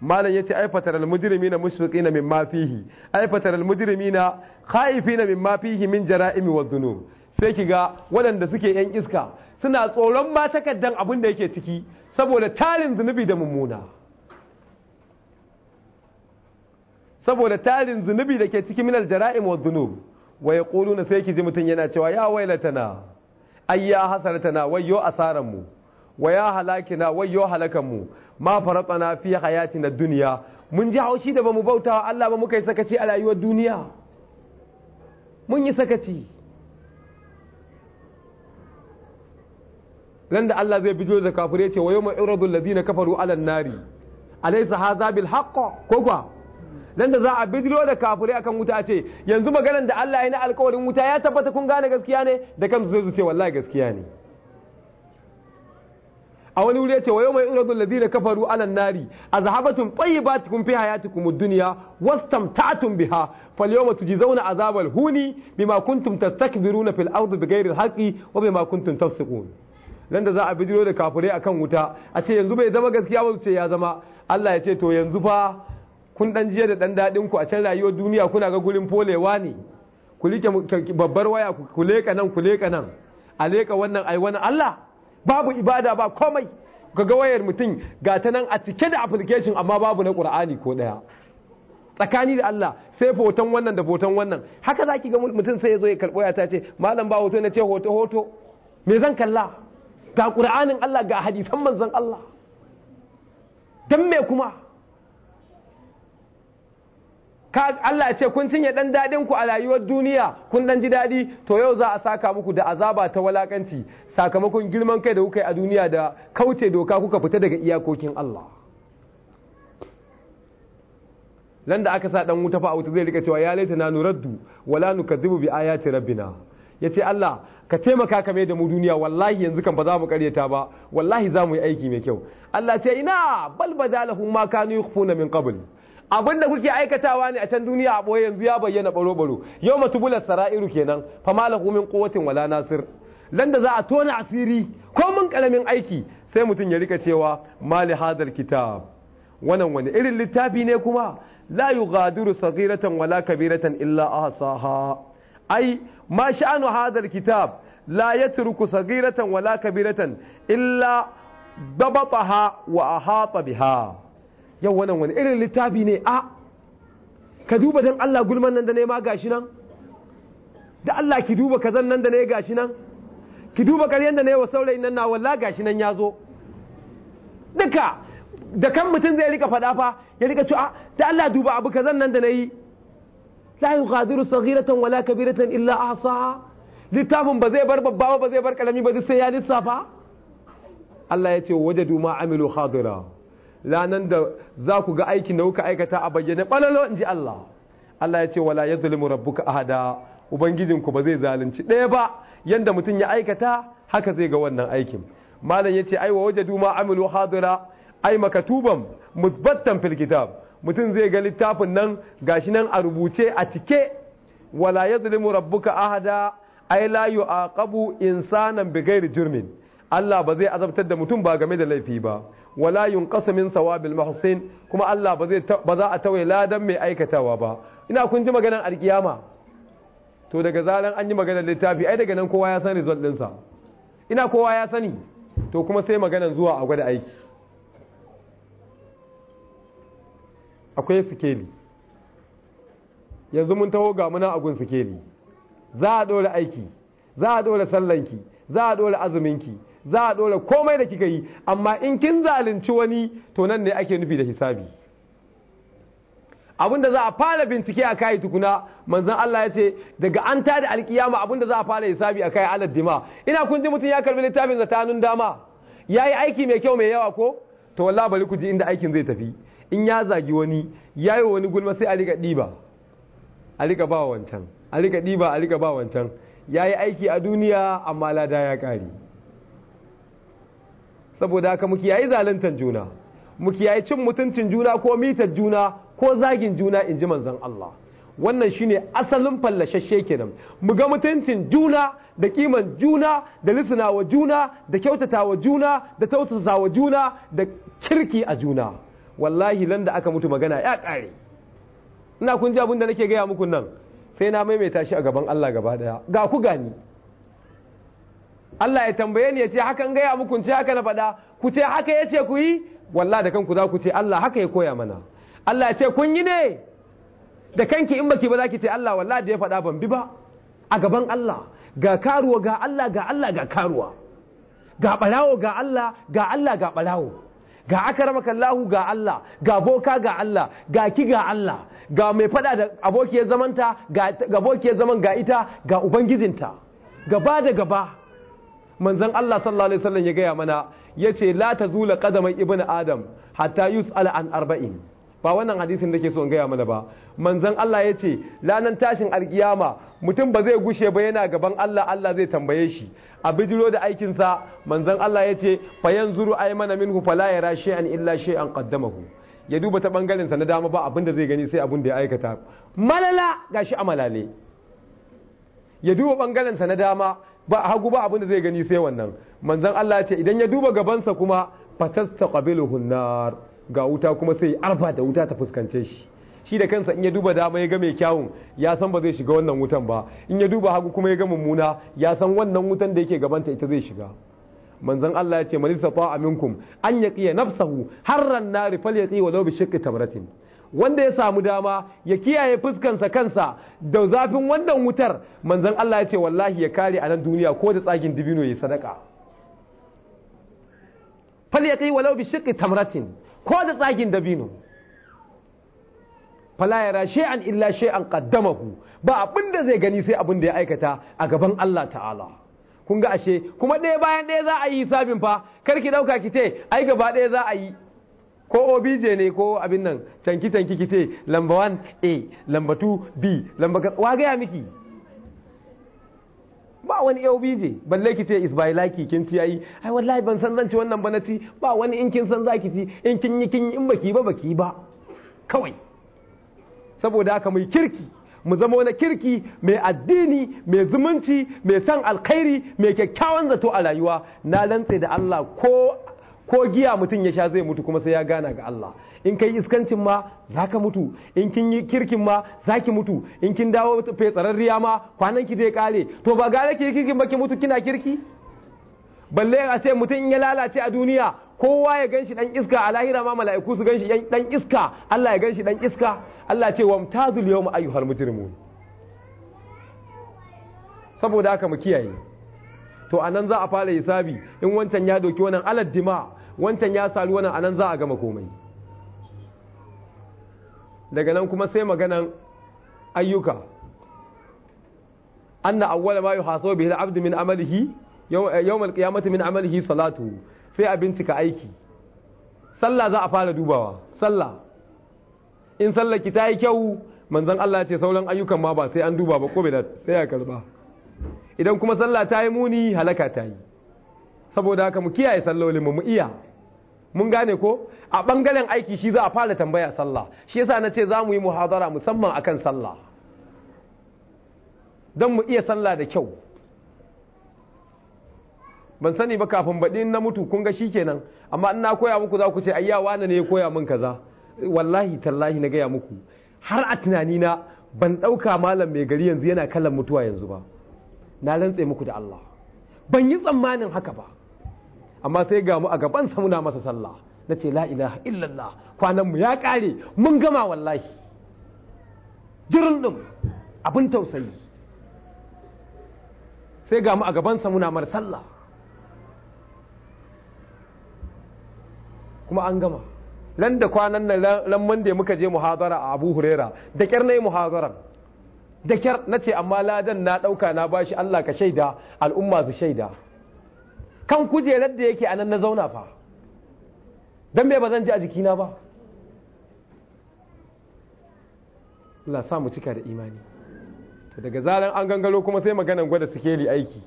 malam ya ce ai fataral mujrimi na mushfiqina min ma fihi ai fataral mujrimi na khaifina min ma fihi min jara'imi wa dhunub sai kiga waɗanda suke yan iska suna tsoron ma takaddan abin da yake ciki saboda talin zunubi da mummuna saboda tarin zunubi da ke cikin minal jara'im wa dhunub wa na sai ki ji mutum yana cewa ya wailatana ayya hasaratana wayyo asaran mu wa ya halakina wayyo halakan mu ma faratana fi hayatina dunya mun ji haushi da bamu bautawa Allah ba muka yi sakaci a rayuwar duniya mun yi sakaci ran da Allah zai bijo da kafirai ce wa yawma yuradul ladina kafaru alan nari alaysa hadha bil haqq ko kwa nan da za a bidiro da kafirai akan wuta ce yanzu maganar da Allah ya na alƙawarin wuta ya tabbata kun gane gaskiya ne da kansu zai zuce wallahi gaskiya ne a wani wuri yace wa mai yuradu alladhina kafaru Alan nari azhabatum tayyibatikum fi hayatikum ad-dunya wastamta'tum biha falyawma tujzauna azabal huni bima kuntum tastakbiruna fil ardi bighayri al-haqqi wa bima kuntum tafsiqun nan da za a bijiro da kafirai akan wuta a ce yanzu bai zama gaskiya ba ce ya zama Allah ya ce to yanzu fa kun dan jiya da dan dadin ku a can rayuwar duniya kuna ga gurin folewa ne ku like babbar waya ku leka nan ku leka nan a leka wannan ai wannan Allah babu ibada ba komai ku ga wayar mutum ga ta nan a cike da application amma babu na Qur'ani ko daya tsakani da Allah sai foton wannan da foton wannan haka zaki ga mutum sai yazo zo ya karbo ya ta ce malam ba hoto na ce hoto hoto me zan kalla ga Qur'anin Allah ga hadisan manzon Allah dan me kuma Allah ya ce kun cinye dan dadin ku a rayuwar duniya kun dan ji dadi to yau za a saka muku da azaba ta walakanci sakamakon girman kai da kuka yi a duniya da kauce doka kuka fita daga iyakokin Allah lan da aka sa dan wuta fa a wuta zai rika cewa ya laita na nuraddu wala nukadzibu bi ayati rabbina yace Allah ka taimaka ka da mu duniya wallahi yanzu kan ba za mu karyata ba wallahi za mu yi aiki mai kyau Allah ce ina bal badalahum ma kanu yukhfuna min qabl abin da kuke aikatawa ne a can duniya a ɓoye yanzu ya bayyana baro-baro yau matubular sara'iru kenan fa lahu min wala nasir dan da za a tona asiri ko mun karamin aiki sai mutum ya rika cewa mali hadar kitab wannan wani irin littafi ne kuma la yughadiru saghiratan wala kabiratan illa ahsaha ai ma sha'anu hadar kitab la yatruku saghiratan wala kabiratan illa dabataha wa ahata biha yau wannan wani irin littafi ne a ka duba don Allah gulman nan da ne ma gashi nan da Allah ki duba kazan nan da ne gashi nan ki duba karyan da ne wa saurayin nan na walla gashi nan ya zo duka da kan mutum zai rika fada fa ya rika cewa da Allah duba abu kazan nan da na yi la yughadiru saghiratan wala kabiratan illa ahsaha littafin ba zai bar babba ba zai bar karami ba sai ya lissafa Allah ya ce wajadu ma amilu khadira ranan da za ku ga aikin da kuka aikata a bayyane balalo in ji Allah Allah ya ce wala yazlimu rabbuka ahada ubangijinku ba zai zalunci ɗaya ba yanda mutum ya aikata haka zai ga wannan aikin malam ya ce ai wa waje duma amilu hadira ai makatuban musbattan fil kitab mutum zai ga littafin nan gashi nan a rubuce a cike wala yazlimu rabbuka ahada ai la yu'aqabu insanan bighairi jurmin Allah ba zai azabtar da mutum ba game da laifi ba wala yunqasu min sawabil muhsin kuma Allah ba za a tawaye ladan mai aikatawa ba ina kun ji maganar alkiyama to daga zalan an yi maganar littafi ai daga nan kowa ya sani result din ina kowa ya sani to kuma sai maganar zuwa a gwada aiki akwai sikeli yanzu mun taho ga muna agun gun sikeli za a dora aiki za a dora sallanki za a dora azuminki za a ɗora komai da kika yi amma in kin zalunci wani to nan ne ake nufi da hisabi abinda za a fara bincike a kai tukuna manzon Allah ya ce daga an tada alkiyama abinda za a fara hisabi a kayi alad dima ina kun ji mutum ya karbi littafin zatanun dama Ya yi aiki mai kyau mai yawa ko to wallahi bari ku ji inda aikin zai tafi in ya zagi wani ya yi wani gulma sai a riga diba a riga ba wancan a riga diba a riga ba wancan Ya yi aiki a duniya amma lada ya ƙare. saboda haka mu kiyayi zaluntan juna mu kiyayi cin mutuncin juna ko mitar juna ko zagin juna in ji manzon Allah wannan shine asalin fallashashe kenan mu ga mutuncin juna da kiman juna da lisna wa juna da kyautata wa juna da tausasa wa juna da kirki a juna wallahi lan da aka mutu magana ya kare ina kun ji abin da nake gaya muku nan sai na maimaita shi a gaban Allah gaba daya ga ku gani Allah ya tambaye ni ya ce hakan gaya muku ce haka na faɗa ku ce haka ya ce ku yi walla da kanku za ku ce Allah haka ya koya mana Allah ya ce kun yi ne da kanki in baki ba za ki ce Allah walla da ya faɗa ban bi ba a gaban Allah ga karuwa ga Allah ga Allah ga karuwa ga ɓarawo ga Allah ga Allah ga ɓarawo ga akaramaka Allahu ga Allah ga boka ga Allah ga ki ga Allah ga mai faɗa da abokiyar zamanta ga abokiyar zaman ga ita ga ubangijinta gaba da gaba manzon Allah sallallahu alaihi wasallam ya gaya mana yace la tazula qadama ibn adam hatta yus'ala an arba'in ba wannan hadisin da ke so in gaya mana ba manzon Allah yace lanan tashin alkiyama mutum ba zai gushe ba yana gaban Allah Allah zai tambaye shi a bijiro da aikin sa manzon Allah yace fa yanzuru mana minhu fala yara shay'an illa shay'an qaddamahu ya duba ta bangaren sa na dama ba abinda zai gani sai abin da ya aikata malala gashi amalale ya duba bangaren sa na dama ba a hagu ba abin da zai gani sai wannan manzon Allah ce idan ya duba gabansa kuma fatastaqbiluhu nar ga wuta kuma sai arba da wuta ta fuskance shi shi da kansa in ya duba dama ya ga mai kyawun ya san ba zai shiga wannan wutan ba in ya duba hagu kuma ya ga mummuna ya san wannan wutan da yake gabanta ita zai shiga manzon Allah ya ce man istata'a minkum an yaqiya nafsahu harran nar falyaqi walau bi shiqqi tamratin wanda ya samu dama ya kiyaye fuskansa kansa da zafin wannan wutar manzan Allah ya ce wallahi ya kare a nan duniya ko da tsagin dibino ya sadaka fal ya kai walau bi shiqqi tamratin ko da tsagin dabino fala yara shay'an illa shay'an qaddamahu ba abin da zai gani sai abin da ya aikata a gaban Allah ta'ala kun ga ashe kuma ɗaya bayan ɗaya za a yi sabin fa karki ɗauka ki ce ai gaba ɗaya za a yi ko obj ne ko abin nan canki canki kite lamba 1 a lamba 2 b lamba wa gaya miki ba wani obj balle ki ce is by like kin ci yayi ai wallahi ban san zan ci wannan ba na ci ba wani in kin san zaki ci in kin yi kin yi in baki ba baki ba kawai saboda haka mai kirki mu zama wani kirki mai addini mai zumunci mai san alkhairi mai kyakkyawan zato a rayuwa na lantse da Allah ko ko giya mutum ya sha zai mutu kuma sai ya gana ga Allah in kai iskancin ma za ka mutu in kin yi kirkin ma za ki mutu in kin dawo fetsararriya ma kwanan ki zai kare to ba gare ki kirkin ba ki mutu kina kirki balle a ce mutum ya lalace a duniya kowa ya ganshi dan iska a lahira ma mala'iku su ganshi dan iska Allah ya gan shi dan iska Allah ce wa mutazul yawma ayyuhal mujrimun saboda haka mu kiyaye to a nan za a fara hisabi in wancan ya doki wannan alad dima wancan ya sari wannan nan za a gama komai daga nan kuma sai maganan ayyuka anna awwala ma yuhasabu bihi al-abdu min amalihi eh, yawm al-qiyamati min amalihi salatu sai a bincika aiki sallah za a fara dubawa sallah in sallar ki ta yi kyau manzon Allah ya ce sauran ayyukan ma ba sai an duba ba ko bai da sai ya karba idan kuma sallah ta yi muni halaka ta yi saboda haka mu kiyaye sallolin mu iya mun gane ko a bangaren aiki shi za a fara tambaya sallah shi yasa na ce za mu yi muhadara musamman akan sallah don mu iya sallah da kyau ban sani ba kafin baɗi na mutu kun ga shi kenan amma ina koya muku za ku ce ayya wani ne ya koya min kaza wallahi tallahi na gaya muku har a tunanina ban ɗauka malam mai gari yanzu yana kallon mutuwa yanzu ba na rantse muku da Allah ban yi tsammanin haka ba amma sai ga mu a gaban sa muna masa sallah na ce la ilaha illallah kwanan mu ya kare mun gama wallahi jirin din abin tausayi sai ga mu a gaban sa muna mar sallah kuma an gama ran da kwanan nan ran da muka je muhazara a Abu Huraira da kyar nayi muhazaran da kyar na ce amma ladan na ɗauka na ba shi Allah ka shaida al'umma su shaida kan kujerar da yake a nan na zauna fa don me ba zan ji a jikina ba Allah sa mu cika da imani daga zaran an gangalo kuma sai maganan gwada sikeli aiki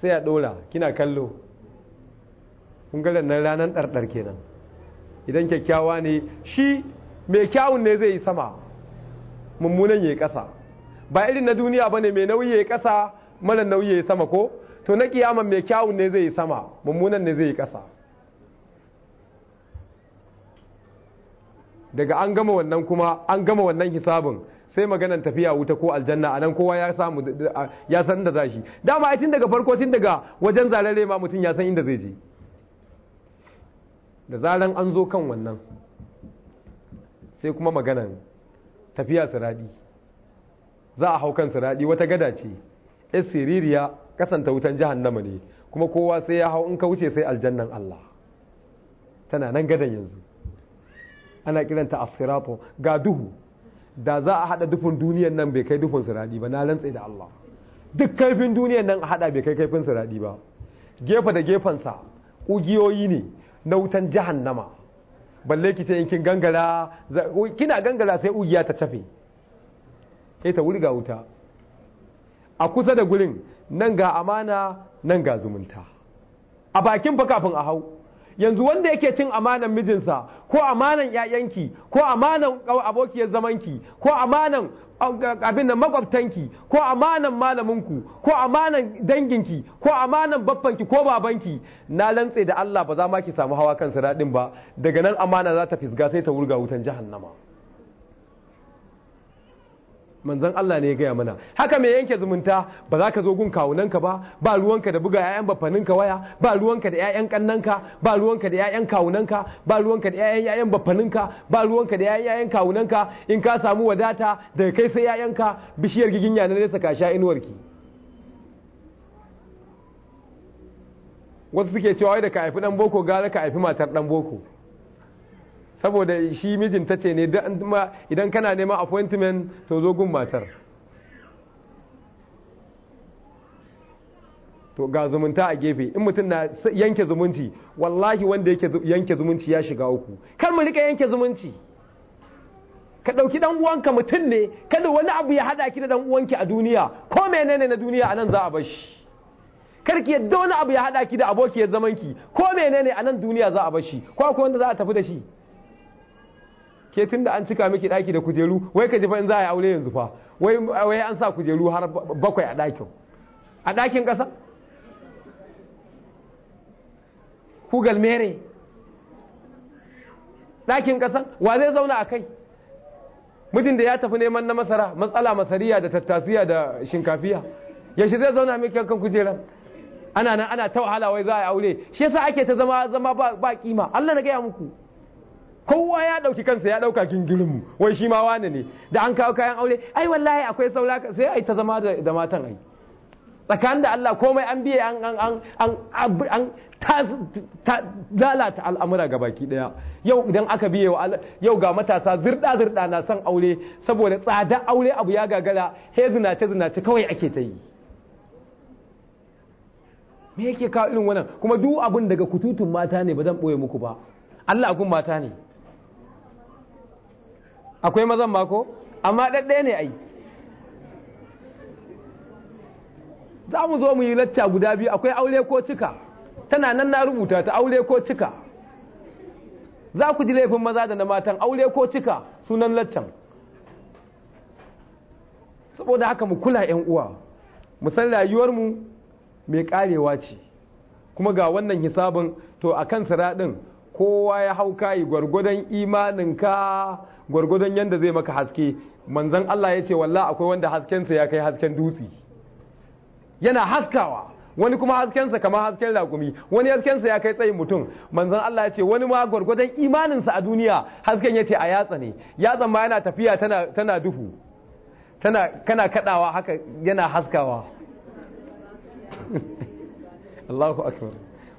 sai a ɗora kina kallo kun nan ranar ɗarɗar kenan idan kyakkyawa ne shi mai kyawun ne zai yi sama mummunan ya yi ƙasa ba irin na duniya bane mai nauyi ya kasa mara nauyi ya sama ko to na kiyama mai kyawun ne zai yi sama mummunan ne zai yi kasa daga an gama wannan kuma an gama wannan hisabin sai maganan tafiya wuta ko aljanna a nan kowa ya samu ya san da shi dama a tun daga farko tun daga wajen zarare ma mutum ya san inda zai je da zaren an zo kan wannan sai kuma maganan tafiya siradi za a hau kan siradi wata gada ce yar siririya kasanta wutan jahannama ne kuma kowa sai ya hau in ka wuce sai aljannan Allah tana nan gadan yanzu ana kiranta asirato ga duhu da za a hada dufin duniyan nan bai kai dufin siradi ba na lantse da Allah duk kaifin duniyan nan a hada bai kai kaifin siradi ba gefe da gefensa kugiyoyi ne na wutan jahannama balle ki ce in kin gangara kina gangara sai ugiya ta cafe sai ta wurga wuta a kusa da gurin nan ga amana nan ga zumunta a bakin fa kafin a hau yanzu wanda yake cin amanan mijinsa ko amanan 'ya'yanki, ko amanan abokiyar zamanki ko amanan abin da makwabtanki ko amanan malaminku ko amanan danginki ko amanan babbanki ko babanki na lantse da Allah ba za ma ki samu hawa kan daɗin ba daga nan amana za ta fisga sai ta wurga wutan jahannama manzon Allah ne ya gaya mana haka mai yanke zumunta ba za ka zo gun kawunanka ba ba ruwanka da buga 'ya'yan bafaninka waya ba ruwanka da 'ya'yan kannanka ba ruwanka da 'ya'yan kawunanka ba ruwanka da 'ya'yan 'ya'yan bafaninka ba ruwanka da 'ya'yan 'ya'yan kawunanka in ka samu wadata daga kai sai 'ya'yanka bishiyar giginya na nesa ka sha inuwarki wasu suke cewa wai da ka haifi dan boko gara ka haifi matar dan boko saboda shi mijin ta ce ne idan kana nema appointment to zo gun matar to ga zumunta a gefe in mutum na yanke zumunci wallahi wanda yake yanke zumunci ya shiga uku kar mu rika yanke zumunci ka ɗauki ɗan uwanka mutum ne kada wani abu ya haɗa ki da ɗan uwanki a duniya ko menene na duniya anan za a bar shi kar ki yadda wani abu ya haɗa ki da zaman zamanki ko menene a nan duniya za a bar shi ko akwai wanda za a tafi da shi ke tunda an cika miki daki da kujeru wai ka ji fa in za a yi aure yanzu fa wai an sa kujeru har bakwai a dakin a dakin kasa kugal mere dakin kasa wa zai zauna a kai mutum da ya tafi neman na masara matsala masariya da tattasiya da shinkafiya yaushe zai zauna miki kan kujeran ana nan ana ta wahala wai za a yi aure shi yasa ake ta zama zama ba kima Allah na gaya muku kowa ya ɗauki kansa ya ɗauka gingirinmu wai shi ma wane ne da an kawo kayan aure ai wallahi akwai saura sai ai ta zama da matan ai tsakanin da Allah komai an biye an an an an ta lalata al'amura ga baki daya yau idan aka biye wa yau ga matasa zirda zirda na son aure saboda tsada aure abu ya gagara he zinace zinace kawai ake ta yi me yake kawo irin wannan kuma duk abin daga kututun mata ne ba zan boye muku ba Allah akun mata ne akwai mazan mako amma ɗaɗɗaya ne yi za mu zo mu yi lacca guda biyu akwai aure ko cika tana nan na rubuta ta aure ko cika za ku ji laifin maza da na matan aure ko cika sunan laccan saboda haka mu kula 'yan uwa musan rayuwar mu mai karewa ce kuma ga wannan hisabin to a kan sira kowa ya hau kayi gwargwadon imaninka gwargwadon yadda zai maka haske manzan Allah ya ce wallahi akwai wanda haskensa ya kai hasken dutse yana haskawa wani kuma haskensa kamar hasken lagumi wani haskensa ya kai tsayin mutum manzan Allah ya ce wani ma gwargwadon imaninsa a duniya hasken ya ce a yatsa ne yatsan ma yana tafiya tana, tana duhu tana kana kadawa haka yana haskawa Allahu akbar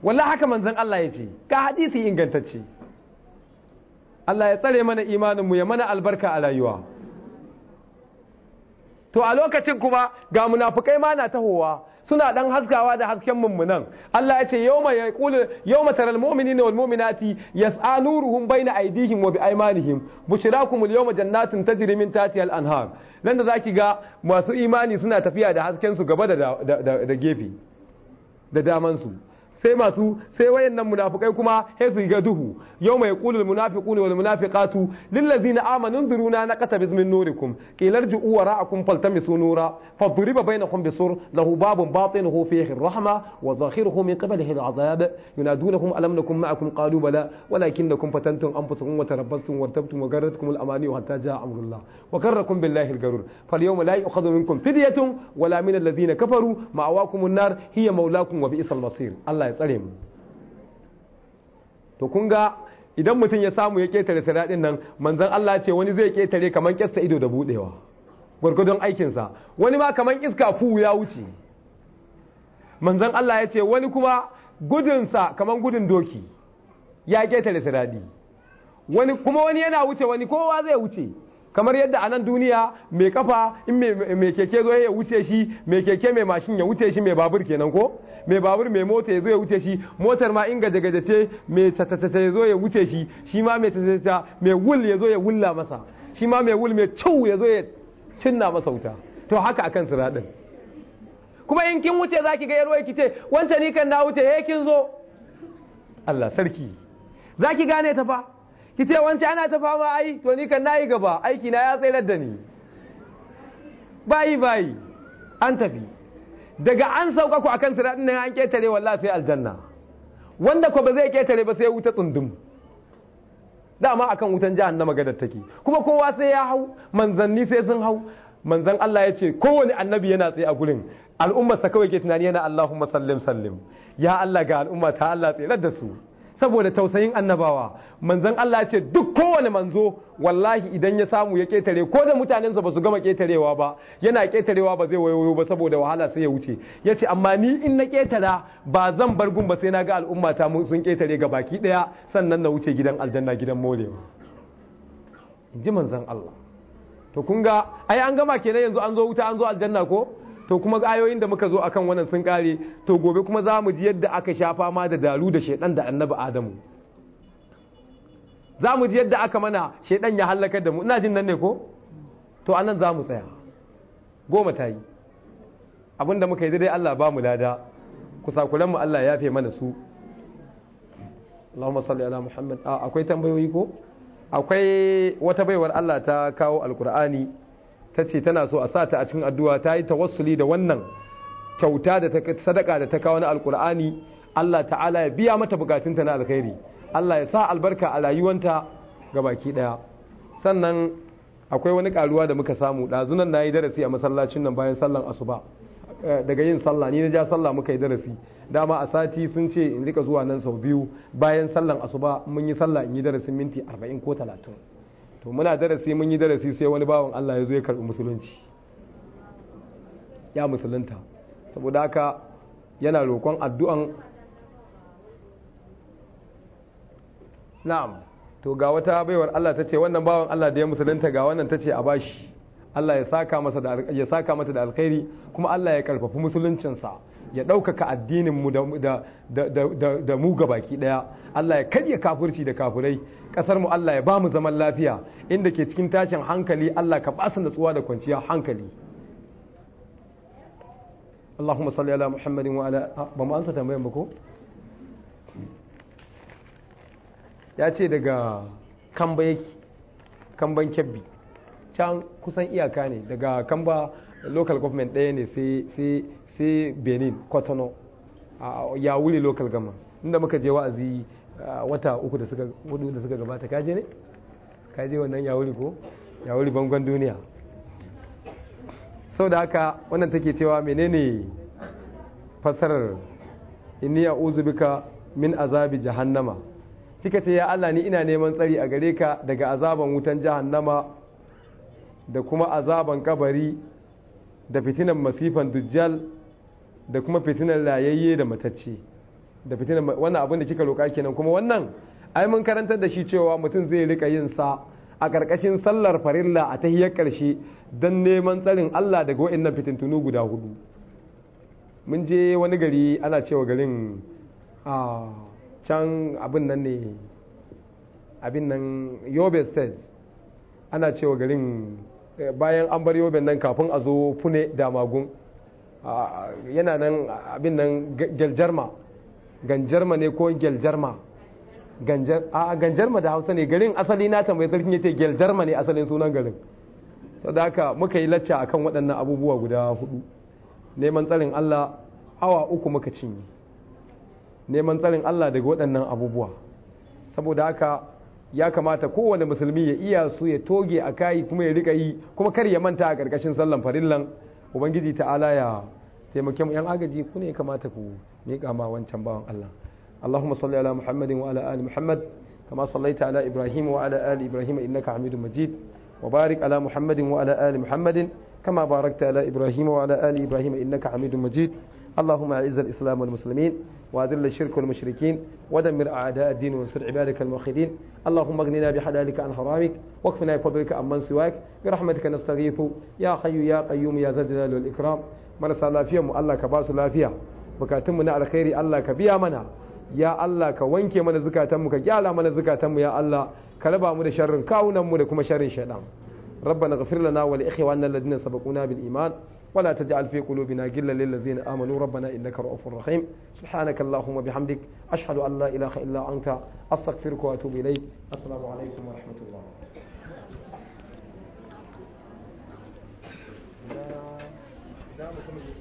wallahi haka manzan Allah ya ce ka hadisi ingantacce Allah ya tsare mana imaninmu ya mana albarka a rayuwa to a lokacin kuma ga munafukai ma na tahowa suna dan haskawa da hasken mummunan Allah ya ce yawma yau ma taral mu'minina wal mu'minati yas'a nuruhum bayna aydihim wa biaymanihim al yawma jannatin tajri min tahtiha al anhar nan da zaki ga masu imani suna tafiya da hasken su gaba da da gefe da daman su sai masu sai wayannan munafikai kuma sai su ga duhu yawma yaqulu al munafiquna wal munafiqatu lil ladzina amanu nzuruna naqata bizmin nurikum qilar ju'u wara'akum faltamisu nura fadriba bainakum bisur lahu babun batinuhu fihi ar-rahma wa zakhiruhu min qablihi al-'adhab yunadunahum alam nakum ma'akum qalu bala walakinnakum fatantum anfusakum wa tarabbastum wartabtum wa garratkum al-amani hatta jaa amrullah wa karrakum billahi al-garur falyawma la yu'khadhu minkum fidyatun wala min alladhina kafaru ma'awakum an-nar hiya mawlakum wa bi'sal masir Allah ya tsare mu to kun ga idan mutum ya samu ya ketare sadaɗin nan manzan Allah ce wani zai ketare kamar kyasta ido da buɗewa, gwargwadon aikinsa wani ma kamar iska fu ya wuce manzan Allah ya ce wani kuma gudunsa kamar gudun doki ya ketare siraɗi kuma wani yana wuce wani kowa zai wuce kamar yadda a nan duniya mai kafa in mai keke zo ya wuce shi mai keke mai mashin ya wuce shi mai babur kenan ko mai babur mai mota ya zo ya wuce shi motar ma in gaje ce mai tatatata ya zo ya wuce shi shi ma mai tatatata mai wul ya zo ya wulla masa shi ma mai wul mai ciw ya zo ya cinna masa wuta to haka akan siraɗin kuma in kin wuce za ki ga yarwai ki ce wancan ni kan na wuce he eh kin zo Allah sarki za ki gane ta fa ki ce wancan ana ta fama ai to ni kan nayi gaba aiki na ya tsayar da ni bayi bayi an tafi daga an sauka ku akan siratin nan an ketare wallahi sai aljanna wanda ko ba zai ketare ba sai wuta tsundum dama akan wutan jahannama gadar take kuma kowa sai ya hau manzanni sai sun hau manzan Allah ya ce kowane annabi yana tsaye a gurin al'ummarsa kawai ke tunani yana Allahumma sallim sallim ya Allah ga al'umma ta Allah tsere da su saboda tausayin annabawa manzon Allah ya ce duk kowane manzo wallahi idan ya samu ya ketare ko da mutanensa ba su gama ketarewa ba yana ketarewa ba zai wayoyo ba saboda wahala sai ya wuce ya ce amma ni in na ketara ba zan bar gun ba sai na ga al'umma ta sun ketare ga baki daya sannan na wuce gidan aljanna gidan morewa ji manzon Allah to kun ga ai an gama kenan yanzu an zo wuta an zo aljanna ko to kuma ayoyin da muka zo akan wannan sun kare to gobe kuma za mu ji yadda aka sha fama da dalu da shaidan da annabi adamu za mu ji yadda aka mana shaidan ya halakar da mu ina jin nan ne ko to anan za mu tsaya goma ta yi abinda muka yi dai Allah ba mu lada mu Allah ya fi mana su Allahumma salli ala Muhammad akwai tambayoyi ko akwai wata baiwar Allah ta kawo alkur'ani ta ce tana so a sa ta a cikin addu'a ta yi tawassuli da wannan kyauta da sadaka da ta kawo na alkur'ani Allah ta'ala ya biya mata bukatun ta na alkhairi Allah ya sa albarka a rayuwanta ga baki daya sannan akwai wani karuwa da muka samu ɗazunan na yi darasi a masallacin nan bayan sallan asuba eh, daga yin sallah ni na ja sallah muka yi darasi dama a sati sun ce in rika zuwa nan sau biyu bayan sallan asuba mun yi sallah in yi darasin minti arba'in ko talatin to muna darasi mun yi darasi sai wani bawan Allah ya zo ya karbi musulunci ya musulunta saboda haka yana roƙon addu'an na'am to ga wata baiwar Allah ta ce wannan bawan Allah da ya musulunta ga wannan ta ce a bashi Allah ya saka masa da ya saka mata da alkhairi kuma Allah ya karfafi musuluncinsa ya ɗaukaka addinin mu da mu ga baki ɗaya Allah ya karya kafurci da kafurai. ƙasar mu Allah ya ba mu zaman lafiya inda ke cikin tashin hankali Allah ka ba su natsuwa da kwanciya hankali Allahumma salli ala Muhammadin wa ala ah, ba mu ansa tambayan ba ko ya ce daga kamba yake kamban kebbi can kusan iyaka ne daga kamba local government ɗaya ne sai sai benin kotono ya wuri local gama inda muka je wa'azi wata uku da suka hudu da suka gabata kaje ne kaje wannan ya wuri ko ya wuri bangon duniya sau da haka wannan take cewa menene fassarar inni ya uzubika min azabi jahannama kika ce ya Allah ni ina neman tsari a gare ka daga azaban wutan jahannama da kuma azaban kabari da fitinan masifan dujjal da kuma fitinar layayye da matacce da fitinar wannan abin da kika roƙa kenan kuma wannan ai mun karantar da shi cewa mutum zai rika yin sa a ƙarƙashin sallar farilla a tahiyar ƙarshe don neman tsarin Allah daga wa'annan fitintunu guda hudu mun je wani gari ana cewa garin a can abin nan ne abin nan yobe state ana cewa garin eh, bayan an bar yobe nan kafin a zo fune da magun yana nan abin nan geljarma ganjarma ne ko geljarma a ganjarma da hausa ne garin asali na tambayi sarkin ya ce geljarma ne asalin sunan garin sadaka muka yi lacca akan waɗannan abubuwa guda hudu neman tsarin allah awa uku muka cinye neman tsarin allah daga waɗannan abubuwa saboda haka ya kamata kowane musulmi ya iya su ya toge a kayi kuma ya rika yi kuma kar ya manta a ƙarƙashin sallan farillan ubangiji ta'ala ya taimake mu yan agaji ku ne kamata ku miƙa ma wancan bawan Allah Allahumma salli ala Muhammadin wa ala ali Muhammad kama sallaita ala Ibrahim wa ala ali Ibrahim innaka Hamidum Majid wa barik ala Muhammadin wa ala ali Muhammadin kama barakta ala Ibrahim wa ala ali Ibrahim innaka Hamidum Majid اللهم اعز الإسلام والمسلمين وأذل الشرك والمشركين ودمر أعداء الدين وانصر عبادك الموحدين اللهم اغننا بحلالك عن حرامك واكفنا بفضلك عن من سواك برحمتك نستغيث يا حي يا قيوم يا ذا الجلال والإكرام من سأل الله فيهم الله كباس لافيا بكاتمنا على خير الله كبيا منا يا الله كوانكي من زكاتمك كجعل من زكاتم يا الله كربا من شر كاونا من كما شر شيطان ربنا اغفر لنا ولإخواننا الذين سبقونا بالإيمان ولا تجعل في قلوبنا غلا للذين آمنوا ربنا إنك رؤوف رحيم سبحانك اللهم بحمدك أشهد أن لا إله إلا أنت أستغفرك وأتوب إليك السلام عليكم ورحمة الله
وبركاته